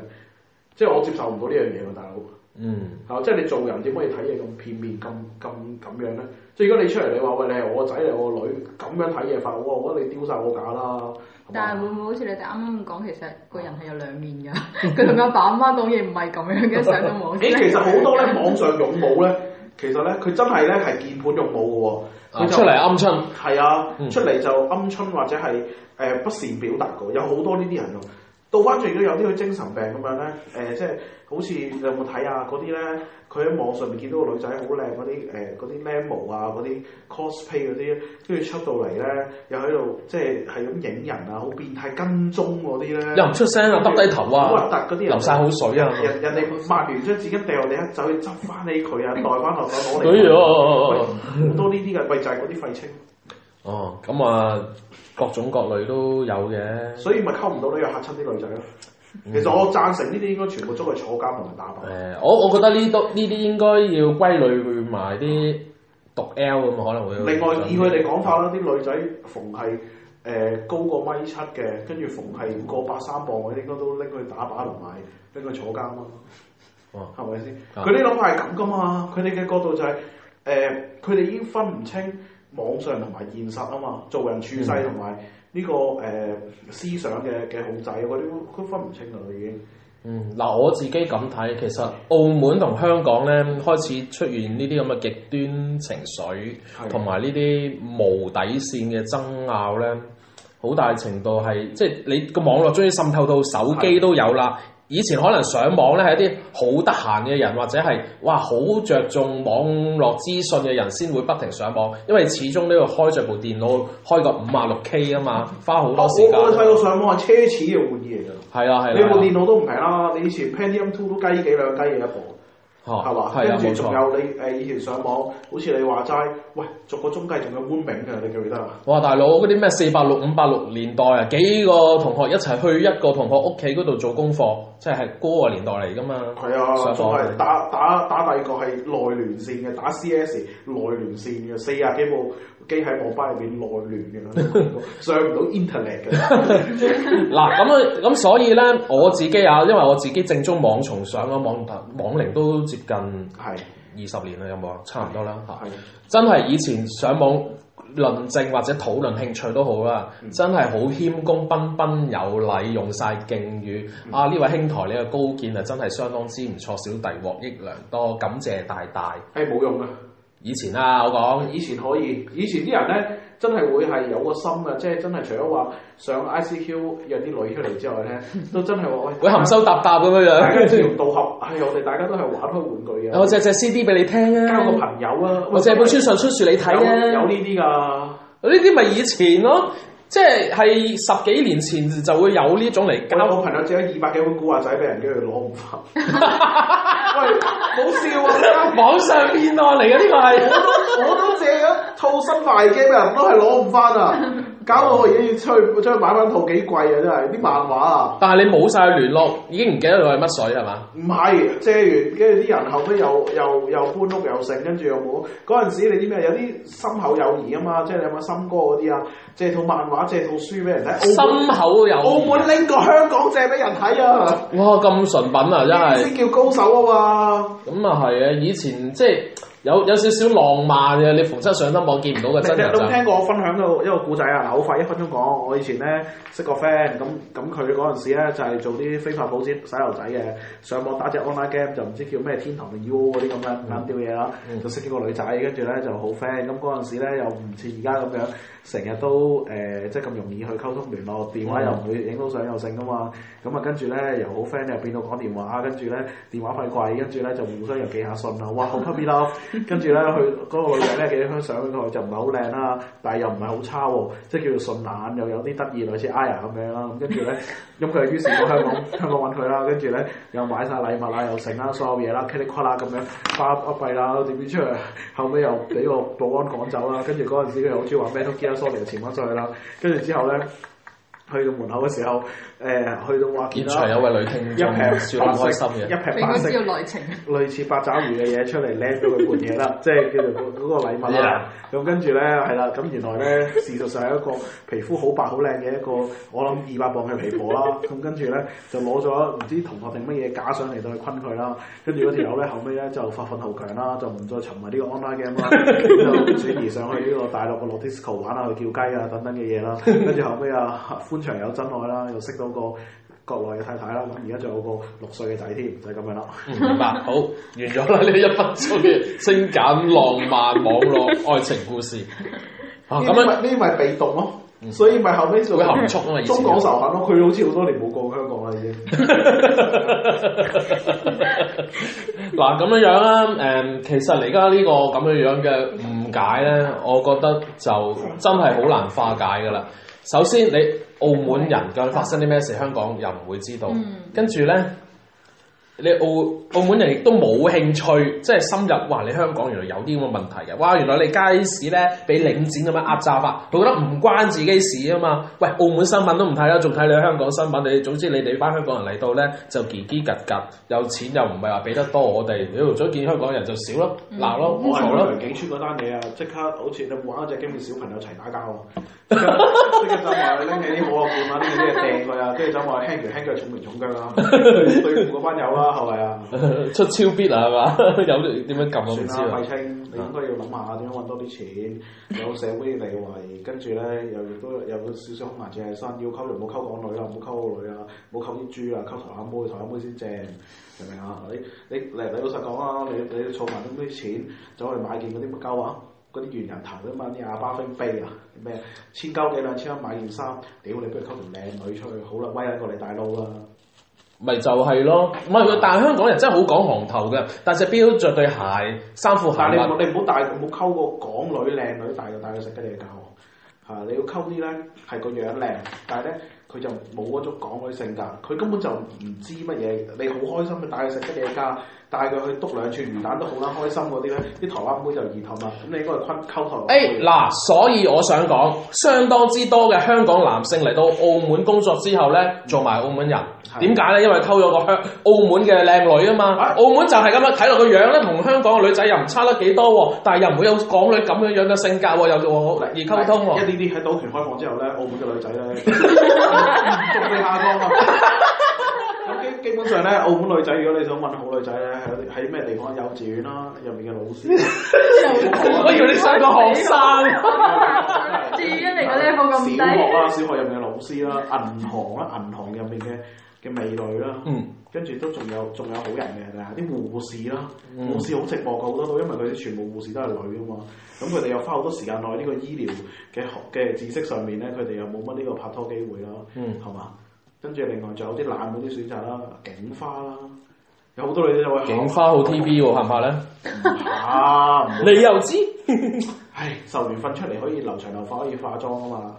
即係我接受唔到呢樣嘢喎，大佬。嗯，係即係你做人點可以睇嘢咁片面、咁咁咁樣咧？即係如果你出嚟，你話喂你係我個仔嚟，你係我個女咁樣睇嘢法，我覺得你丟晒我架啦。但係會唔會好似你哋啱啱講，其實個人係有兩面㗎。佢同阿爸阿媽講嘢唔係咁樣嘅相都冇？誒、 欸，其實好多咧，網上勇武咧，其實咧佢真係咧係鍵盤勇武嘅喎。啊、就出嚟鵪鶉，係啊，出嚟就鵪鶉或者係誒不善表達嘅，有好多呢啲人咯。到翻轉，如果有啲佢精神病咁樣咧，誒、呃，即係好似你有冇睇啊？嗰啲咧，佢喺網上面見到個女仔好靚嗰啲，誒，嗰啲僆模啊，嗰啲 cosplay 嗰啲，跟住出到嚟咧，又喺度即係係咁影人啊，好變態跟蹤嗰啲咧。又唔出聲啊，耷低頭啊，好核突嗰啲流晒口水啊！人人哋抹完張紙巾掉，你一走去執翻起佢啊，袋翻落袋攞嚟。好多呢啲嘅，為就係嗰啲廢青。哦，咁啊，各種各類都有嘅，所以咪溝唔到女又嚇親啲女仔咯。其實我贊成呢啲應該全部捉去坐監同埋打靶。誒，我我覺得呢都呢啲應該要歸類埋啲毒 L 咁可能會。另外以佢哋講法啦，啲女仔逢係誒高過米七嘅，跟住逢係過百三磅我應該都拎佢打靶同埋拎佢坐監啊。哦，係咪先？佢啲諗法係咁噶嘛，佢哋嘅角度就係誒，佢哋已經分唔清。網上同埋現實啊嘛，做人處世同埋呢個誒、呃、思想嘅嘅控制嗰啲都分唔清啦已經。嗯，嗱我自己咁睇，其實澳門同香港咧開始出現呢啲咁嘅極端情緒，同埋呢啲無底線嘅爭拗咧，好大程度係即係你個網絡終於滲透到手機都有啦。以前可能上網咧係一啲好得閒嘅人，或者係哇好着重網絡資訊嘅人先會不停上網，因為始終都要開着部電腦，開個五啊六 K 啊嘛，花好多時間。我我細個上網係奢侈嘅玩意嚟㗎。係啊係啦，啊、你部電腦都唔平啦，你以前 Pentium Two 都雞幾兩雞嘅一部。係嘛？跟住仲有你誒以前上網，好似你話齋，喂，逐個中介仲有官銘嘅，你記唔記得啊？我話大佬嗰啲咩四百六、五百六年代啊，幾個同學一齊去一個同學屋企嗰度做功課，即係嗰個年代嚟㗎嘛。係啊，上網課 打打打第二個係內聯線嘅，打 CS 內聯線嘅四廿幾部。機喺網吧入邊內聯嘅啦，上唔到 internet 嘅。嗱咁啊咁，所以咧我自己啊，因為我自己正宗網蟲，上咗網網齡都接近二十年啦，有冇啊？差唔多啦嚇。是的 嗯、真係以前上網論證或者討論興趣都好啦，真係好謙恭，彬彬有禮，用晒敬語。嗯、啊呢位兄台，你嘅高見啊，真係相當之唔錯，小弟獲益良多，感謝大大。誒冇用啊！以前啦，啊，我講以前可以，以前啲人咧真係會係有個心啊，即係真係除咗話上 ICQ 約啲女出嚟之外咧， 都真係話會含羞答答咁樣樣，大家都要 道合。係、 哎、我哋大家都係玩開玩具嘅，我借隻 CD 俾你聽啊，交個朋友啊，我、哎、借本書村上春樹你睇啊，有呢啲噶，呢啲咪以前咯。即係十幾年前就會有呢種嚟交，我朋友借咗二百幾本古惑仔俾人機，佢攞唔翻。 喂，冇笑啊！網上騙案嚟嘅呢個係，我都我都借咗套新快機俾人都係攞唔翻啊！搞到我已經要出去出去買翻套幾貴啊！真係啲漫畫啊！但係你冇晒聯絡，已經唔記得佢係乜水係嘛？唔係借完，跟住啲人後尾又又又搬屋又剩，跟住又冇嗰陣時你，你啲咩有啲深厚友誼啊嘛？即係你有冇深哥嗰啲啊，借套漫畫、借套書俾人睇。深厚友誼。澳門拎過香港借俾人睇啊！哇！咁純品啊，真係先叫高手啊嘛！咁啊係嘅，以前即係。有有少少浪漫嘅，你逢親上得網見唔到嘅真人就。你你都聽過我分享一個一個故仔啊？嗱，好快一分鐘講。我以前咧識個 friend，咁咁佢嗰陣時咧就係、是、做啲非法保險洗油仔嘅，上網打隻 online game 就唔知叫咩天堂定 U 嗰啲咁嘅懶吊嘢啦，就識一個女仔，跟住咧就好 friend。咁嗰陣時咧又唔似而家咁樣，成日都誒即係咁容易去溝通聯絡，電話又唔會影到相又剩㗎嘛。咁啊跟住咧又好 friend，又變到講電話，跟住咧電話費貴，跟住咧就互相又寄下信啦。哇，好特別咯～ 跟住咧，佢嗰個女仔咧寄啲相俾佢，上就唔係好靚啦，但係又唔係好差喎，即係叫做順眼，又有啲得意，類似 Aya 咁樣啦。咁跟住咧，咁佢於是到香港香港揾佢啦，跟住咧又買晒禮物啦，又剩啦，所有嘢啦，揈嚟揈啦咁樣花一筆費啦，點知，知出去，後尾又俾個保安趕走啦，跟住嗰陣時佢又好中意話咩都唔記得，sorry，潛翻出去啦。跟住之後咧，去到門口嘅時候。誒去到哇！見財有位女傾，一劈少男心嘅，一劈白色，俾要內情。類似八爪魚嘅嘢出嚟，靚到佢半嘢啦，即係叫做嗰嗰個禮物啦。咁跟住咧，係啦，咁原來咧事實上係一個皮膚好白好靚嘅一個，我諗二百磅嘅皮婆啦。咁跟住咧就攞咗唔知同學定乜嘢假上嚟，就去昆佢啦。跟住嗰條友咧後尾咧就發奮圖強啦，就唔再沉迷呢個 online game 啦，就轉移上去呢個大陸個 lotus disco 玩啊，去叫雞啊等等嘅嘢啦。跟住後尾啊，歡場有真愛啦，又識到。嗰個國內嘅太太啦，而家仲有個六歲嘅仔添，唔使咁樣啦。明白， 好完咗啦！呢一分鐘嘅精簡浪漫網絡愛情故事，啊咁樣呢？咪被動咯， 所以咪後尾做啲含蓄中港仇恨咯，佢、啊、好似好多年冇過香港啦已經。嗱咁 樣樣啦，誒，其實嚟家呢個咁樣樣嘅誤解咧，我覺得就真係好難化解噶啦。首先，你澳門人究竟發生啲咩事，香港又唔會知道。嗯，跟住咧。你澳澳門人亦都冇興趣，即係深入話你香港原來有啲咁嘅問題嘅，哇！原來你街市咧俾領展咁樣壓榨法，佢覺得唔關自己事啊嘛！喂，澳門新聞都唔睇啦，仲睇你香港新聞？你總之你哋班香港人嚟到咧就黐黐格格，有錢又唔係話俾得多我哋，你妖咗見香港人就少咯，鬧咯，唔錯咯！警川嗰單嘢啊，即刻好似你玩嗰隻，跟住小朋友一齊打交即刻就話拎起啲好嘅電話啲嘢掟佢啊，跟住想話輕拳輕㗎，重拳重㗎啦，對，對付嗰班友啊！ 係咪啊？ 出超必啊係嘛？有點樣撳算啦了，廢青清，嗯、你應該要諗下點樣揾多啲錢，有社會地位，跟住咧又亦都有少少埋物件生。要溝就唔好溝港女啊，唔好溝個女啊，唔好溝啲豬啊，溝台阿妹，台阿妹先正，明唔明啊？你你嚟，老實講啊，你你，你，你，你，你，你儲埋啲啲錢，走去買件嗰啲乜鳩啊？嗰啲猿人頭都嘛，啲亞巴飛幣啊，咩千鳩幾兩千買件衫？屌你不如溝條靚女，女出去，好啦，威啊過嚟大撈啊！咪就係咯，唔係但係香港人真係好講行頭嘅，但係錶着對鞋、衫褲鞋你你唔好帶，唔好溝個港女靚女帶佢帶佢食雞嘢㗎我，嚇！你要溝啲咧係個樣靚，但係咧佢就冇嗰種港女性格，佢根本就唔知乜嘢，你好開心佢帶佢食雞嘢㗎。帶佢去篤兩串魚蛋都好啦，開心嗰啲咧，啲台灣妹就易氹啦。咁你應該係昆溝通。誒嗱、欸，所以我想講，相當之多嘅香港男性嚟到澳門工作之後咧，做埋澳門人。點解咧？因為溝咗個香澳門嘅靚女啊嘛。澳門、啊、澳門就係咁樣睇落個樣咧，同香港嘅女仔又唔差得幾多喎。但係又唔會有港女咁樣樣嘅性格喎，又好易溝通喎、欸。一啲啲喺賭權開放之後咧，澳門嘅女仔咧，中意下工啊。基本上咧，澳門女仔，如果你想揾好女仔咧，喺喺咩地方？幼稚園啦，入面嘅老師。我以為你上個學生。至於嚟講咧，冇咁低。小學啊，小學入面嘅老師啦，銀行啦，銀行入面嘅嘅美女啦，嗯，跟住都仲有仲有好人嘅，嗱，啲護士啦，護、嗯、士好寂寞嘅好多都，因為佢哋全部護士都係女嘅嘛。咁佢哋又花好多時間喺呢、呢個醫療嘅學嘅知識上面咧，佢哋又冇乜呢個拍拖機會咯。嗯，係嘛？跟住另外就有啲冷嗰啲選擇啦、啊，警花啦、啊，有好多女仔都會。警花好 T V 喎、啊，係唔係咧？唔你又知？ 唉，受完訓出嚟可以留長頭髮，可以化妝啊嘛。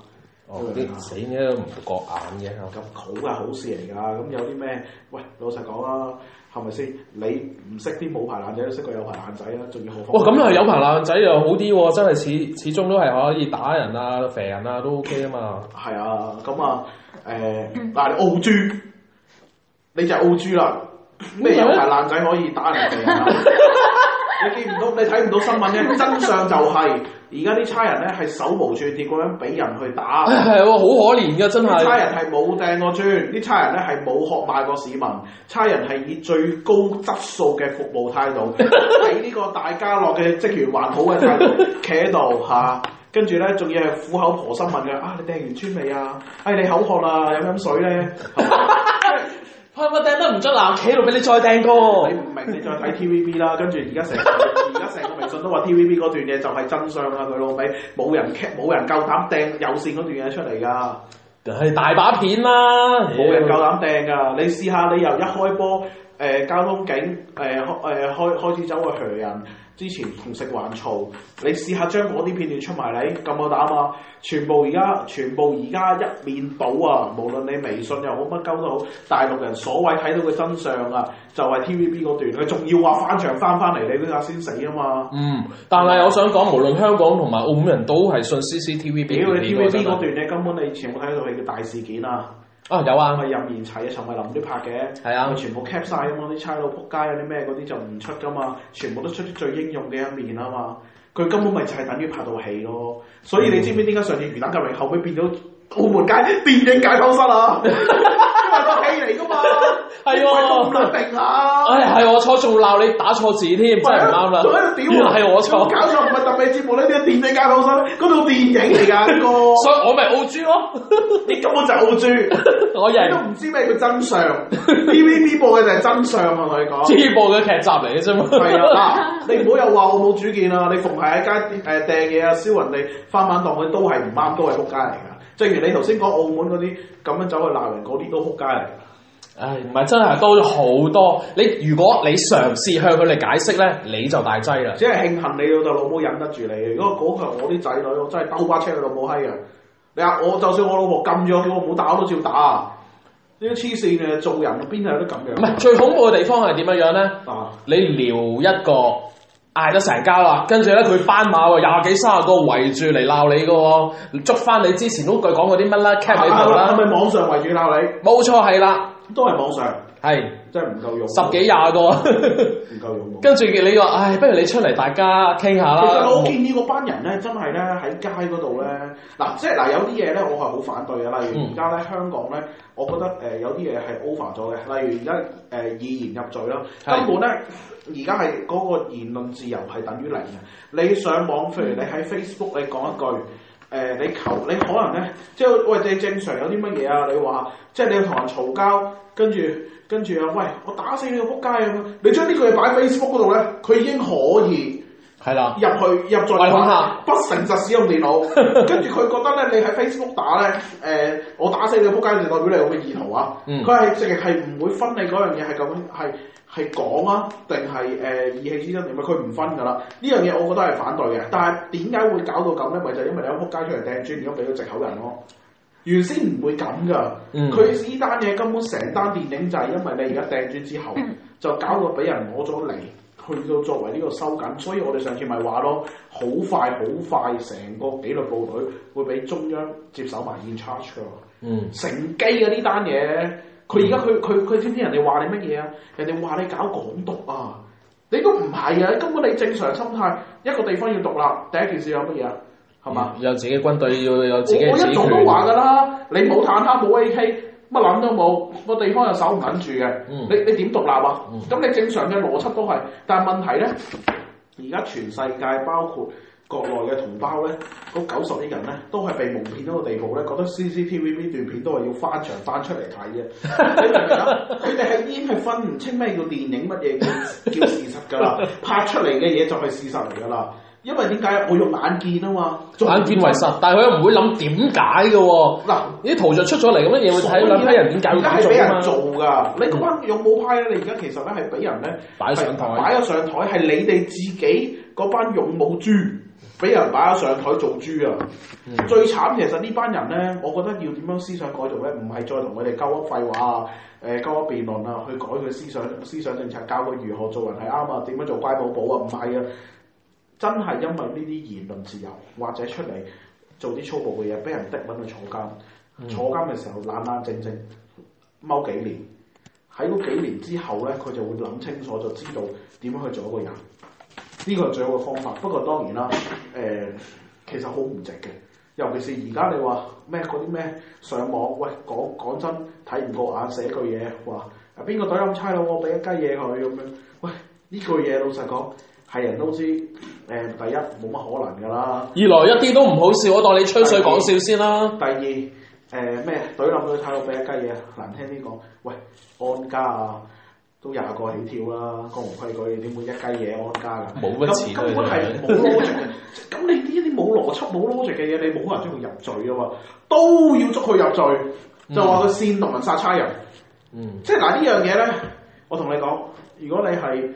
哦，啲、啊、死嘢都唔覺眼嘅、啊。咁好嘅好事嚟噶，咁有啲咩？喂，老實講啦、啊，係咪先？你唔識啲冇牌爛仔，都識過有牌爛仔啦？仲要好、哦。」況？咁啊，有牌爛仔又好啲喎、啊，真係始始終都係可以打人啊、吠人啊都 OK 啊嘛。係 啊，咁啊。誒嗱，澳豬、呃嗯、你，你就澳豬啦，咩有排爛仔可以打人哋啊？ 你見唔到，你睇唔到新聞咧，真相就係而家啲差人咧係手無寸鐵咁樣俾人去打，係喎， 好可憐嘅真係。差人係冇掟過磚，啲差人咧係冇學賣過市民，差人係以最高質素嘅服務態度喺呢 個大家樂嘅職員還好嘅態度企喺度嚇。跟住咧，仲要係苦口婆心問嘅，啊你掟完村未啊？唉、哎，你口渴啦，飲唔飲水咧？ 我我掟得唔足嗱，企喺度畀你再掟過、啊。你唔明？你再睇 T V B 啦，跟住而家成而家成個微 信都話 T V B 嗰段嘢就係真相啊！佢老味冇人 cap，冇人夠膽掟有線嗰段嘢出嚟噶。係大把片啦、啊，冇人夠膽掟噶。哎、呀你試下你由一開波。誒交通警誒誒開開始走去嚇人，之前同食環嘈，你試下將嗰啲片段出埋嚟，咁冇膽嘛！全部而家全部而家一面倒啊！無論你微信又好乜鳩都好，大陸人所謂睇到嘅真相啊，就係、是、TVB 嗰段，佢仲要話翻牆翻翻嚟，你嗰下先死啊嘛！嗯，但係我想講，無論香港同埋澳門人都係信 CCTV、嗯。屌你 TVB 嗰段你根本你全部睇到佢嘅大事件啊！啊、哦、有啊，咪任賢齊、陳慧琳都拍嘅，佢全部 cap 曬啊嘛，啲差佬撲街，啲咩嗰啲就唔出噶嘛，全部都出啲最英勇嘅一面啊嘛，佢根本咪就係等於拍套戲咯，所以你知唔知點解上次《魚蛋革命》後尾變咗澳門街電影解剖室啊？ 戲嚟噶嘛？係喎，唔得定啊！哎，係我錯，仲鬧你打錯字添，真係唔啱啦！喺度屌，係我錯，搞錯唔係特別節目呢啲電影加到身，嗰套電影嚟噶個，所以我咪澳豬咯，你根本就係澳豬，我人都唔知咩叫真相，TVB 播嘅就係真相啊！同你講，只播嘅劇集嚟嘅啫嘛。係啦，你唔好又話我冇主見啊！你逢係一間誒掟嘢啊，燒雲你翻版檔嘅都係唔啱，都係仆街嚟。正如你頭先講，澳門嗰啲咁樣走去鬧人，嗰啲都撲街嚟。唉，唔係真係多咗好多。你如果你嘗試向佢哋解釋咧，你就大劑啦。只係慶幸你老豆老母忍得住你。嗯、如果嗰場我啲仔女我真係兜巴車佢老母閪啊！你話我，就算我老婆禁咗我，冇打我都照打。呢啲黐線嘅做人邊度有得咁樣？唔係最恐怖嘅地方係點樣樣咧？啊、你撩一個。嗌得成交啦，跟住咧佢班馬喎，廿幾卅個圍住嚟鬧你嘅喎，捉翻你之前嗰句講過啲乜啦，cap 你頭啦。係咪、啊、網上圍住鬧你？冇錯係啦，都係網上，係真係唔夠用。十幾廿個唔夠用跟住 你話、這個，唉、哎，不如你出嚟大家傾下啦。其實我建呢個班人咧，真係咧喺街嗰度咧，嗱即係嗱有啲嘢咧，我係好反對嘅，例如而家咧香港咧，我覺得誒有啲嘢係 over 咗嘅，例如而家誒意淫入罪啦，根本咧。而家係嗰個言論自由係等於零嘅。你上網，譬如你喺 Facebook 你講一句、呃，誒你求你可能咧，即係喂你正常有啲乜嘢啊？你話即係你要同人嘈交，跟住跟住啊，喂我打死你個撲街咁樣，你將呢句嘢擺喺 Facebook 嗰度咧，佢已經可以係啦入去入咗論壇，不誠實使用電腦。跟住佢覺得咧，你喺 Facebook 打咧，誒我打死你個撲街就代表你有咩意圖啊？佢係直情係唔會分你嗰樣嘢係咁樣係。係講啊，定係誒意氣之爭點啊？佢唔分噶啦，呢樣嘢我覺得係反對嘅。但係點解會搞到咁咧？咪就係、是、因為你一仆街出嚟掟磚，如果俾咗藉口人咯。原先唔會咁噶，佢呢單嘢根本成單電影就係因為你而家掟磚之後，就搞到俾人攞咗嚟，去到作為呢個收緊。所以我哋上次咪話咯，好快好快，成個紀律部隊會俾中央接手埋 in charge 噶。嗯，乘機嘅呢單嘢。佢而家佢佢佢知唔知人哋話你乜嘢啊？人哋話你搞港獨啊！你都唔係啊！根本你正常心態，一個地方要獨立，第一件事有乜嘢啊？係嘛？有自己軍隊要有自己。我我一早都話㗎啦，你冇坦克冇 A K，乜撚都冇，個地方又守唔緊住嘅。嗯。你你點獨立啊？嗯。咁你正常嘅邏輯都係，但係問題咧，而家全世界包括。國內嘅同胞咧，嗰九十億人咧，都係被蒙騙到個地步咧，覺得 CCTV 呢段片都係要翻牆翻出嚟睇啫。佢哋係已經係分唔清咩叫電影，乜嘢叫叫事實㗎啦。 拍出嚟嘅嘢就係事實嚟㗎啦。因為點解我用眼見啊嘛，眼見為實，但係佢又唔會諗點解嘅喎。嗱，啲圖像出咗嚟咁樣，嘢會睇兩批人點解會咁做啊？而家係俾人做噶，你嗰班勇武派咧，你而家其實咧係俾人咧擺上台，擺咗上台，係你哋自己嗰班勇武豬俾人擺咗上台做豬啊！最慘其實呢班人咧，我覺得要點樣思想改造咧，唔係再同佢哋溝屋廢話啊，誒溝屋辯論啊，去改佢思想、思想政策，教佢如何做人係啱啊，點樣做乖寶寶啊？唔係啊！真係因為呢啲言論自由，或者出嚟做啲粗暴嘅嘢，俾人逼，揾去、嗯、坐監。坐監嘅時候，懶懶靜靜踎幾年。喺嗰幾年之後呢，佢就會諗清楚，就知道點樣去做一個人。呢、這個係最好嘅方法。不過當然啦，誒、呃、其實好唔值嘅。尤其是而家你話咩嗰啲咩上網，喂講講真睇唔過眼，寫句嘢話啊邊個隊咁差佬，我俾一雞嘢佢咁樣。喂呢句嘢老實講係人都知。誒第一冇乜可能噶啦，二來一啲都唔好笑，我當、嗯、你吹水講笑先啦。第二誒咩，隊冧咗睇到俾一雞嘢，難聽啲講，喂安家啊，都廿個起跳啦，江湖規矩，點會一雞嘢安家噶？冇乜錢根本係冇邏， 邏輯，咁你呢啲冇邏輯冇邏輯嘅嘢，你冇可能將佢入罪噶喎，都要捉佢入罪，就話佢煽動民殺差人。嗯，即係嗱呢樣嘢咧，我同你講，如果你係。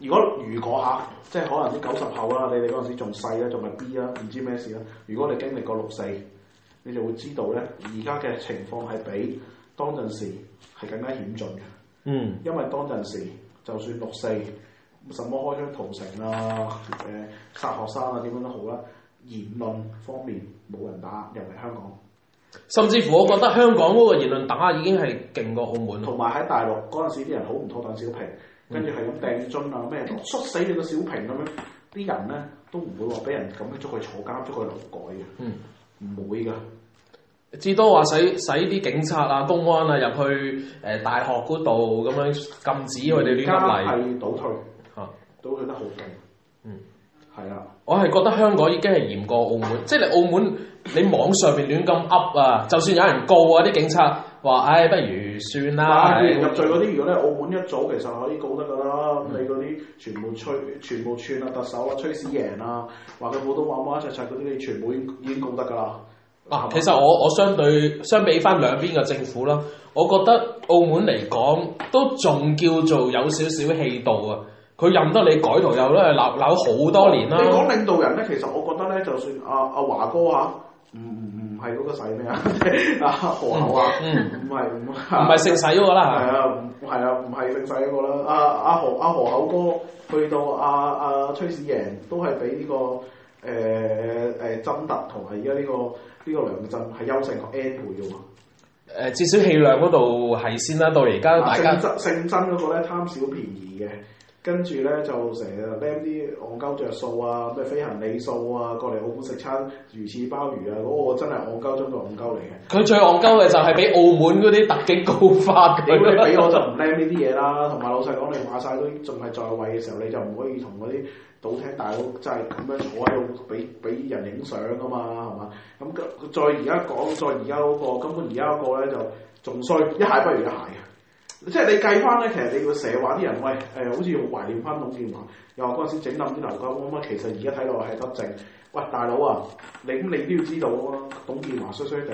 如果如果吓，即係可能啲九十後啦，你哋嗰陣時仲細啦，仲係 B 啦，唔知咩事啦。如果你經歷過六四，你就會知道咧，而家嘅情況係比當陣時係更加險峻嘅。嗯。因為當陣時就算六四，什麼開槍屠城啊、誒、呃、殺學生啊，點樣都好啦，言論方面冇人打，尤其香港。甚至乎，我覺得香港嗰個言論打已經係勁過澳門，同埋喺大陸嗰陣時啲人好唔妥鄧小平。跟住係咁掟樽啊咩，縮死你個小瓶咁樣，啲人咧都唔會話俾人咁樣捉佢坐監，捉佢勞改嘅，唔、嗯、會噶。至多話使使啲警察啊、公安啊入去誒、呃、大學嗰度咁樣禁止我哋亂入嚟。係倒退嚇，啊、倒退得好勁。嗯，係啦的。我係覺得香港已經係嚴過澳門，即係你澳門你網上面亂咁 up 啊，就算有人告啊啲警察。話誒、哎，不如算啦、哎。入罪嗰啲，如果咧澳門一早其實可以告得噶啦。嗯、你嗰啲全部吹、全部串啊，特首啊，崔屎贏啊，話佢普通話冇一隻柒嗰啲，你全部已經已經告得噶啦。嗱、啊，吧其實我我相對相比翻兩邊嘅政府啦，我覺得澳門嚟講都仲叫做有少少氣度啊。佢任得你改同又都鬧鬧咗好多年啦。你講領導人咧，其實我覺得咧，就算阿、啊、阿、啊啊、華哥嚇。唔唔唔係嗰個使咩啊？阿何口啊？唔係唔係姓使嗰個啦，係啊，係啊，唔係姓使嗰個啦。阿阿何阿何口哥去到阿、啊、阿、啊、崔世安都係俾呢個誒誒曾特同埋而家呢個呢、呢個梁振係優勝個 n 倍嘅喎。至少氣量嗰度係先啦。到而家大家、啊、姓曾姓嗰個咧貪小便宜嘅。跟住咧就成日 l 啲戇鳩着數啊，咩飛行里數啊，過嚟澳門食餐魚翅鮑魚啊，嗰、嗰個真係戇鳩中到戇鳩嚟嘅。佢最戇鳩嘅就係俾澳門嗰啲特警告返、 啊。你俾我就唔 l 呢啲嘢啦，同埋老細講你話晒都仲係在位嘅時候，你就唔可以同嗰啲賭廳大佬真係咁樣坐喺度俾俾人影相噶嘛，係嘛？咁再而家講，再而家嗰個根本而家嗰個咧就仲衰，一蟹不如一蟹。即係你計翻咧，其實你會成日話啲人喂誒、哎，好似要懷念翻董建華，又話嗰陣時整冧啲樓價，咁乜其實而家睇落係得正。喂，大佬啊，你咁你都要知道董建華衰衰地，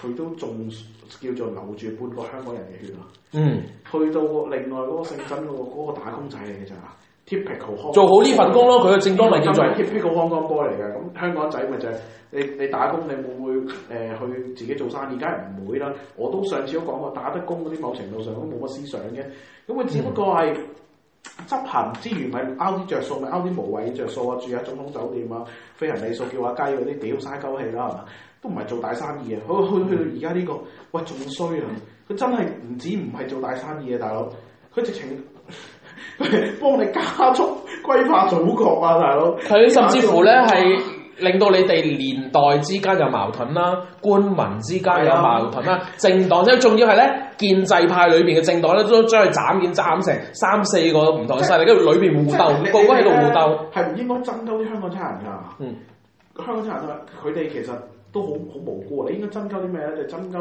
佢都仲叫做留住半個香港人嘅血啊。嗯。去到另外嗰個姓曾嗰個嗰個打工仔嚟嘅咋。keep 皮好康，做好呢份工咯。佢嘅正當咪叫做 keep 皮好康，港波嚟嘅。咁香港仔咪就係你你打工，你會唔會誒、呃、去自己做生意？梗係唔會啦。我都上次都講過，打得工嗰啲某程度上都冇乜思想嘅。咁佢只不過係執行之餘，咪 out 啲着數，咪 out 啲無謂着數啊！住下總統酒店啊，飛行秘書叫下雞嗰啲，屌嘥鳩氣啦，係嘛？都唔係做大生意啊。去去到而家呢個，喂仲衰啊！佢、嗯、真係唔止唔係做大生意啊，大佬，佢直情。佢幫你加速規劃祖國啊，大佬！佢甚至乎咧係令到你哋年代之間有矛盾啦，官民之間有矛盾啦，的政黨咧仲要係咧建制派裏邊嘅政黨咧，都將佢斬件斬，斬成三四個唔同嘅勢力，跟住裏面互鬥，的個個喺度互鬥，係唔應該爭鳩啲香港差人㗎。嗯，香港差人就話佢哋其實都好好無辜，你應該爭鳩啲咩咧？就係爭鳩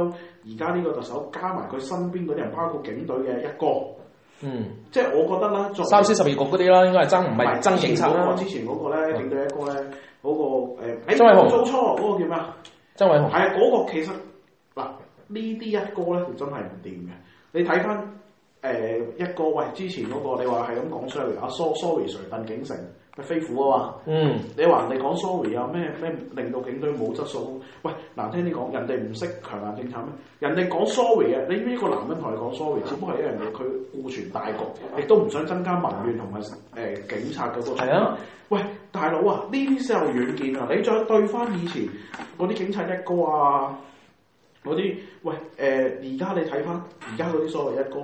而家呢個特首加埋佢身邊嗰啲人，包括警隊嘅一哥。嗯，即係我覺得咧，三 C 十二局嗰啲啦，應該係爭唔係爭景城啦、那個。之前嗰個咧，警隊、嗯、一哥呢、那個咧，嗰個誒，曾偉雄做初，嗰個叫咩啊？曾偉雄係啊，嗰個其實嗱呢啲一哥咧，係真係唔掂嘅。你睇翻誒一哥喂，之前嗰個你話係咁講出嚟、嗯、啊，so sorry 誰笨警城？飛虎啊嘛！嗯、你話人哋講 sorry 啊咩咩，令到警隊冇質素。喂，難聽啲講，人哋唔識強硬政策咩？人哋講 sorry 嘅、啊，你呢個男人同你講 sorry，只不過係一樣嘢，佢顧全大局，亦都唔想增加民怨同埋誒警察嘅個。啊！喂，大佬啊，呢啲先係軟件啊！你再對翻以前嗰啲警察一哥啊，嗰啲喂誒，而、呃、家你睇翻而家嗰啲所謂一哥，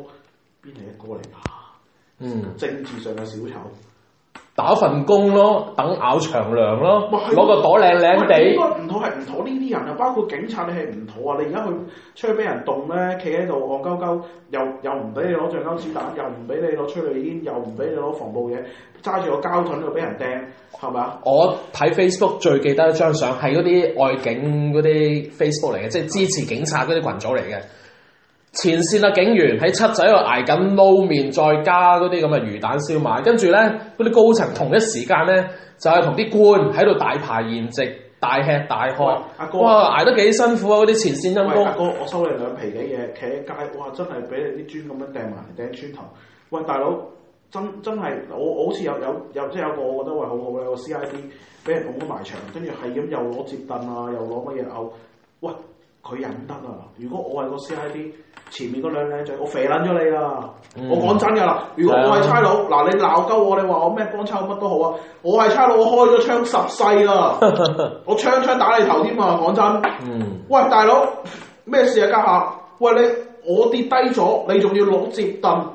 邊係一哥嚟、啊、㗎？嗯，政治上嘅小丑。打份工咯，等咬長糧咯，攞個朵靚靚地。應該唔妥係唔妥呢啲人啊，包括警察你係唔妥啊！你而家去出去俾人動咧，企喺度戇鳩鳩，又又唔俾你攞橡膠子彈，又唔俾你攞催淚煙，又唔俾你攞防暴嘢，揸住個膠盾喺度俾人掟，係咪啊？我睇 Facebook 最記得一張相，係嗰啲外景，嗰啲 Facebook 嚟嘅，即係支持警察嗰啲群組嚟嘅。前線啊，警員喺七仔度挨緊撈麵，再加嗰啲咁嘅魚蛋燒賣，跟住咧嗰啲高層同一時間咧就係同啲官喺度大排筵席，大吃大喝。阿哥，哇，挨得幾辛苦啊！嗰啲前線陰公。阿哥，我收你兩皮幾嘢，企喺街，哇，真係俾你啲磚咁樣掟埋，掟磚頭。喂，大佬，真真係我，我好似有有有即係有個我覺得喂好好有個 C I D 俾人捧咗埋牆，跟住係咁又攞折凳啊，又攞乜嘢拗。喂，佢忍得啊！如果我係個 C I D。前面嗰兩靚仔，我肥撚咗你啦！嗯、我講真噶啦，如果我係差佬，嗱、嗯、你鬧鳩我，你話我咩光差乜都好啊！我係差佬，我開咗槍十世啦， 我槍槍打你頭添、嗯、啊！講真，喂大佬，咩事啊家下？喂你，我跌低咗，你仲要攞折凳？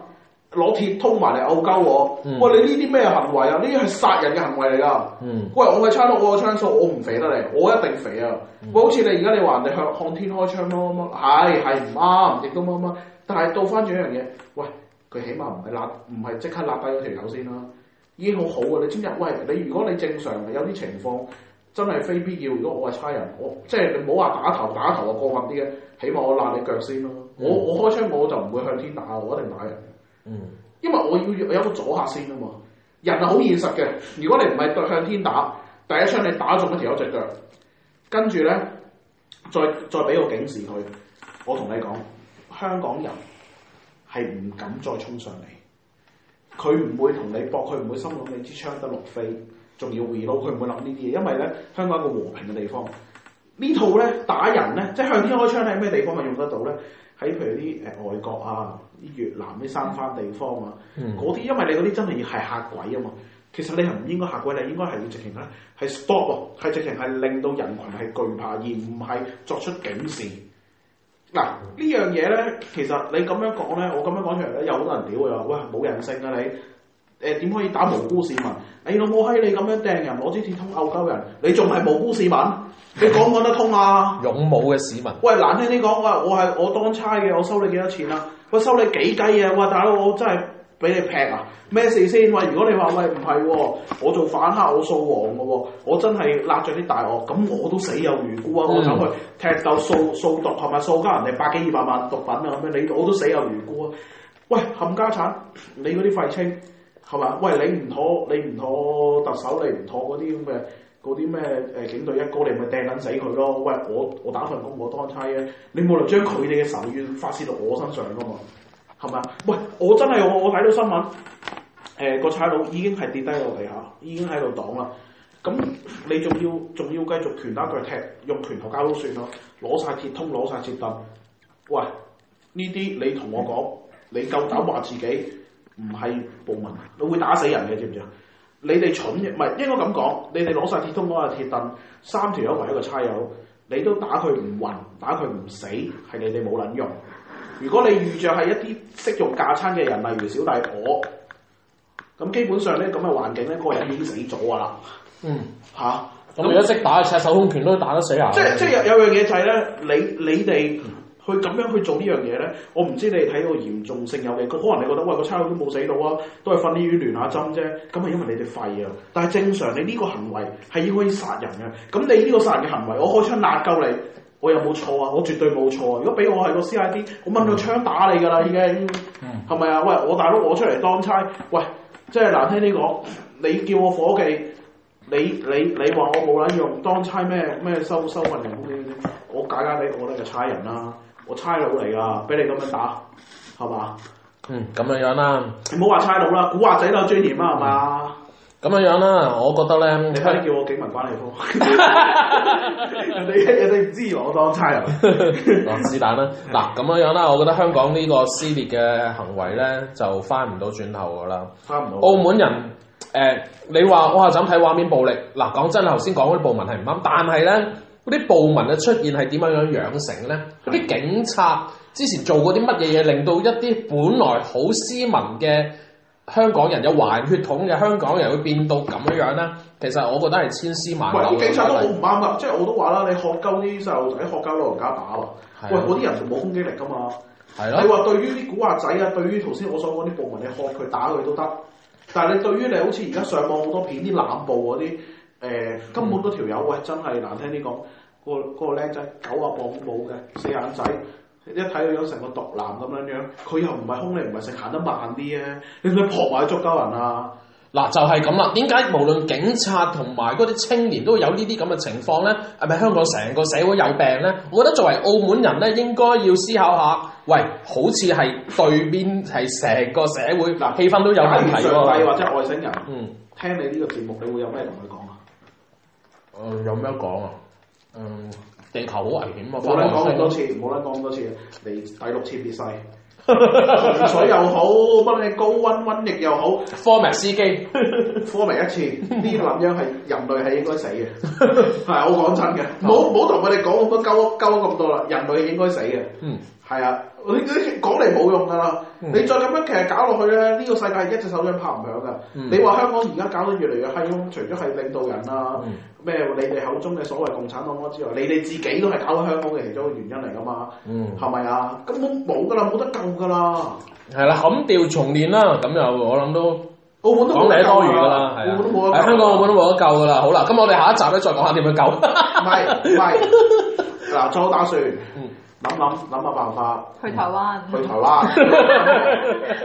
攞鐵通埋嚟拗交我，喂你呢啲咩行為啊？呢啲係殺人嘅行為嚟㗎。喂我係差佬，我係槍手，我唔肥得你，我一定肥啊！喂、嗯，好似你而家你話人哋向向天開槍，乜乜乜，係係唔啱，亦都乜乜。但係到翻轉一樣嘢，喂，佢起碼唔係立，唔係即刻立低嗰條友先啦，已經好好啊！你知唔知？喂你，如果你正常有啲情況，真係非必要，如果我係差人，我即係你冇話打頭打頭就過分啲嘅，起碼我立你腳先咯。嗯、我我開槍我就唔會向天打，我一定打人。嗯，因為我要有個阻吓先啊嘛，人係好現實嘅，如果你唔係對向天打第一槍，你打中條一隻腳，跟住咧再再俾個警示佢，我同你講，香港人係唔敢再衝上嚟，佢唔會同你搏，佢唔會心諗你支槍得六飛，仲要 reload，佢唔會諗呢啲嘢。因為咧香港一個和平嘅地方，套呢套咧打人咧，即係向天開槍喺咩地方咪用得到咧？喺譬如啲誒外國啊，啲越南啲三番地方啊，嗰啲、嗯、因為你嗰啲真係要係嚇鬼啊嘛，其實你係唔應該嚇鬼，你應該係要直情咧係 stop 喎，係直情係令到人群係懼怕而唔係作出警示。嗱呢樣嘢咧，其實你咁樣講咧，我咁樣講出嚟咧，有好多人屌㗎話，喂冇人性啊你！誒點、呃、可以打無辜市民？哎、你老母閪！你咁樣掟人，攞支鐵通咬鳩人，你仲係無辜市民？你講唔講得通啊？勇武嘅市民。喂，難聽啲講，我我係我當差嘅，我收你幾多錢啊？喂，收你幾雞啊？喂，大佬，我真係俾你劈啊！咩事先？喂，如果你話喂唔係喎，我做反黑，我掃黃嘅喎，我真係揦著啲大鱷，咁我都死有餘辜啊！我走去踢竇，掃掃毒係咪掃人家人哋百幾二百萬毒品啊！咁樣你我都死有餘辜。啊！喂，冚家產，你嗰啲廢青！係嘛？喂，你唔妥，你唔妥特首，你唔妥嗰啲咁嘅嗰啲咩誒警隊一哥，你咪掟撚死佢咯！喂，我我打份工，我當差嘅，你無能將佢哋嘅仇怨發泄到我身上㗎嘛？係咪？喂，我真係我睇到新聞，誒個差佬已經係跌低落地下，已經喺度擋啦。咁你仲要仲要繼續拳打腳踢，用拳頭交都算咯，攞晒鐵通，攞晒鐵墩。喂，呢啲你同我講，你夠膽話自己？唔係暴民，佢會打死人嘅，知唔知啊？你哋蠢嘅，唔係應該咁講。你哋攞晒鐵通嗰個鐵凳，三條友圍一個差友，你都打佢唔暈，打佢唔死，係你哋冇撚用。如果你遇着係一啲識用架撐嘅人，例如小大婆，咁基本上咧咁嘅環境咧，個人已經死咗㗎喇！嗯，嚇，咁如果識打，赤手空拳都打得死人。即、嗯、即有有樣嘢就係咧，你你哋。你佢咁樣去做呢樣嘢咧，我唔知你睇到嚴重性有幾高。可能你覺得喂個差佬都冇死到啊，都係瞓啲醫院攣下針啫。咁係因為你哋廢啊！但係正常，你呢個行為係要可以殺人嘅。咁你呢個殺人嘅行為，我開槍鬧鳩你，我有冇錯啊？我絕對冇錯啊。如果俾我係個 CID，我掹個槍打你噶啦已經，係咪啊？喂，我大佬我出嚟當差，喂，即係難聽啲講，你叫我夥計，你你你話我冇撚用當，當差咩咩收收運營我解解你，單，我得個差人啦。我差佬嚟噶，俾你咁樣打，係嘛？嗯，咁樣樣啦。你唔好話差佬啦，古惑仔都有尊嚴啊，係嘛？咁、嗯、樣樣啦，我覺得咧，你快啲叫我警民關係科， 人哋人哋唔知我當差人。是但啦，嗱咁 樣樣啦，我覺得香港呢個撕裂嘅行為咧，就翻唔到轉頭噶啦。翻唔到。澳門人誒、呃，你話我下晝睇畫面暴力，嗱講真，頭先講嗰啲暴民係唔啱，但係咧。啲暴民嘅出現係點樣樣養成嘅咧？嗰啲是的 警察之前做過啲乜嘢嘢，令到一啲本來好斯文嘅香港人，有華人血統嘅香港人，會變到咁樣樣咧？其實我覺得係千絲萬縷。警察都好唔啱啊！即係、就是、我都話啦，你學鳩呢就喺學鳩老人家打啦。的喂，嗰啲人就冇攻擊力㗎嘛。係咯。你對於話對於啲古惑仔啊，對於頭先我所講啲暴民，你學佢打佢都得。但係你對於你好似而家上網好多片啲濫暴嗰啲，誒、呃、根本都條友喂真係難聽啲講。嗯個個僆仔九啊磅冇嘅，四眼仔，一睇到有成個獨男咁樣樣，佢又唔係胸食，你唔係成行得慢啲啊？你唔係撲埋啲足夾人啊？嗱、啊、就係咁啦，點解無論警察同埋嗰啲青年都有呢啲咁嘅情況咧？係咪香港成個社會有病咧？我覺得作為澳門人咧，應該要思考下，喂，好似係對面係成個社會嗱、啊、氣氛都有問題喎。或者外星人。嗯，聽你呢個節目，你會有咩同佢講啊？誒、呃，有咩講啊？嗯，地球好危險啊！冇得講咁多次，唔好再講咁多次，嚟第六次滅世，洪水又好，幫你高溫瘟疫又好，format 司機 format 一次，呢啲咁樣係人類係應該死嘅，係 我講真嘅，唔好同佢哋講咁多鳩啊咁多啦，人類應該死嘅。嗯係啊，你你講嚟冇用噶啦！你再咁樣其實搞落去咧，呢個世界一隻手掌拍唔響噶。你話香港而家搞到越嚟越黑暗，除咗係領導人啦，咩你哋口中嘅所謂共產黨咯之外，你哋自己都係搞到香港嘅其中一個原因嚟噶嘛？係咪啊？根本冇噶啦，冇得救噶啦！係啦，砍掉重練啦，咁又我諗都澳門都冇嘢多餘啦，係啊！喺香港澳門都冇得救噶啦，好啦，咁我哋下一集咧再講下點樣救，唔係唔係，嗱做好打算。諗諗諗下辦法，去台灣。去台灣，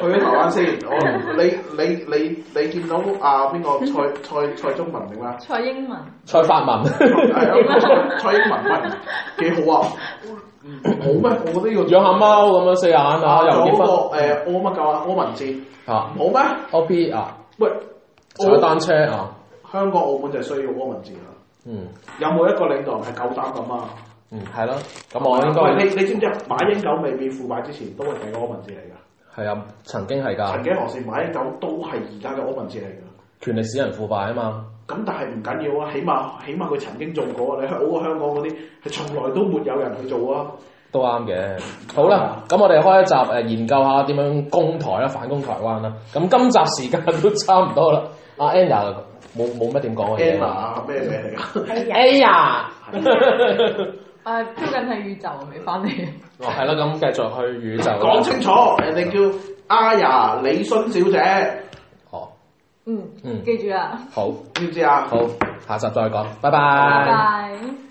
去咗台灣先。我你你你你見到啊？邊個蔡蔡蔡中文點啊？蔡英文。蔡發文，蔡英文，幾好啊？嗯，好咩？我覺得要養下貓咁樣四眼啊，又點分？誒，我乜夠啊？柯文哲吓，好咩？O B 啊，喂，坐單車啊，香港澳門就係需要柯文哲啊！嗯，有冇一個領導人係夠膽咁啊？嗯，係咯，咁我應該係你，你知唔知啊？馬英九未被腐敗之前都，都係第個柯文哲嚟噶。係啊，曾經係噶。曾經何時馬英九都係而家嘅柯文哲嚟噶？權力使人腐敗啊嘛。咁但係唔緊要啊，起碼起碼佢曾經做過。你好過香港嗰啲係從來都沒有人去做啊。都啱嘅。好啦，咁 我哋開一集誒研究下點樣攻台啊，反攻台灣啦。咁今集時間都差唔多啦。阿 Anna 冇冇乜點講啊？Anna 咩咩嚟噶？Anna。 誒、啊，最近係宇宙未翻嚟。哦，係咯，咁繼續去宇宙。講清楚，人哋叫 Aya 李迅小姐。哦。嗯。嗯，記住啊！好。知唔知啊？好，下集再講，拜拜。拜拜。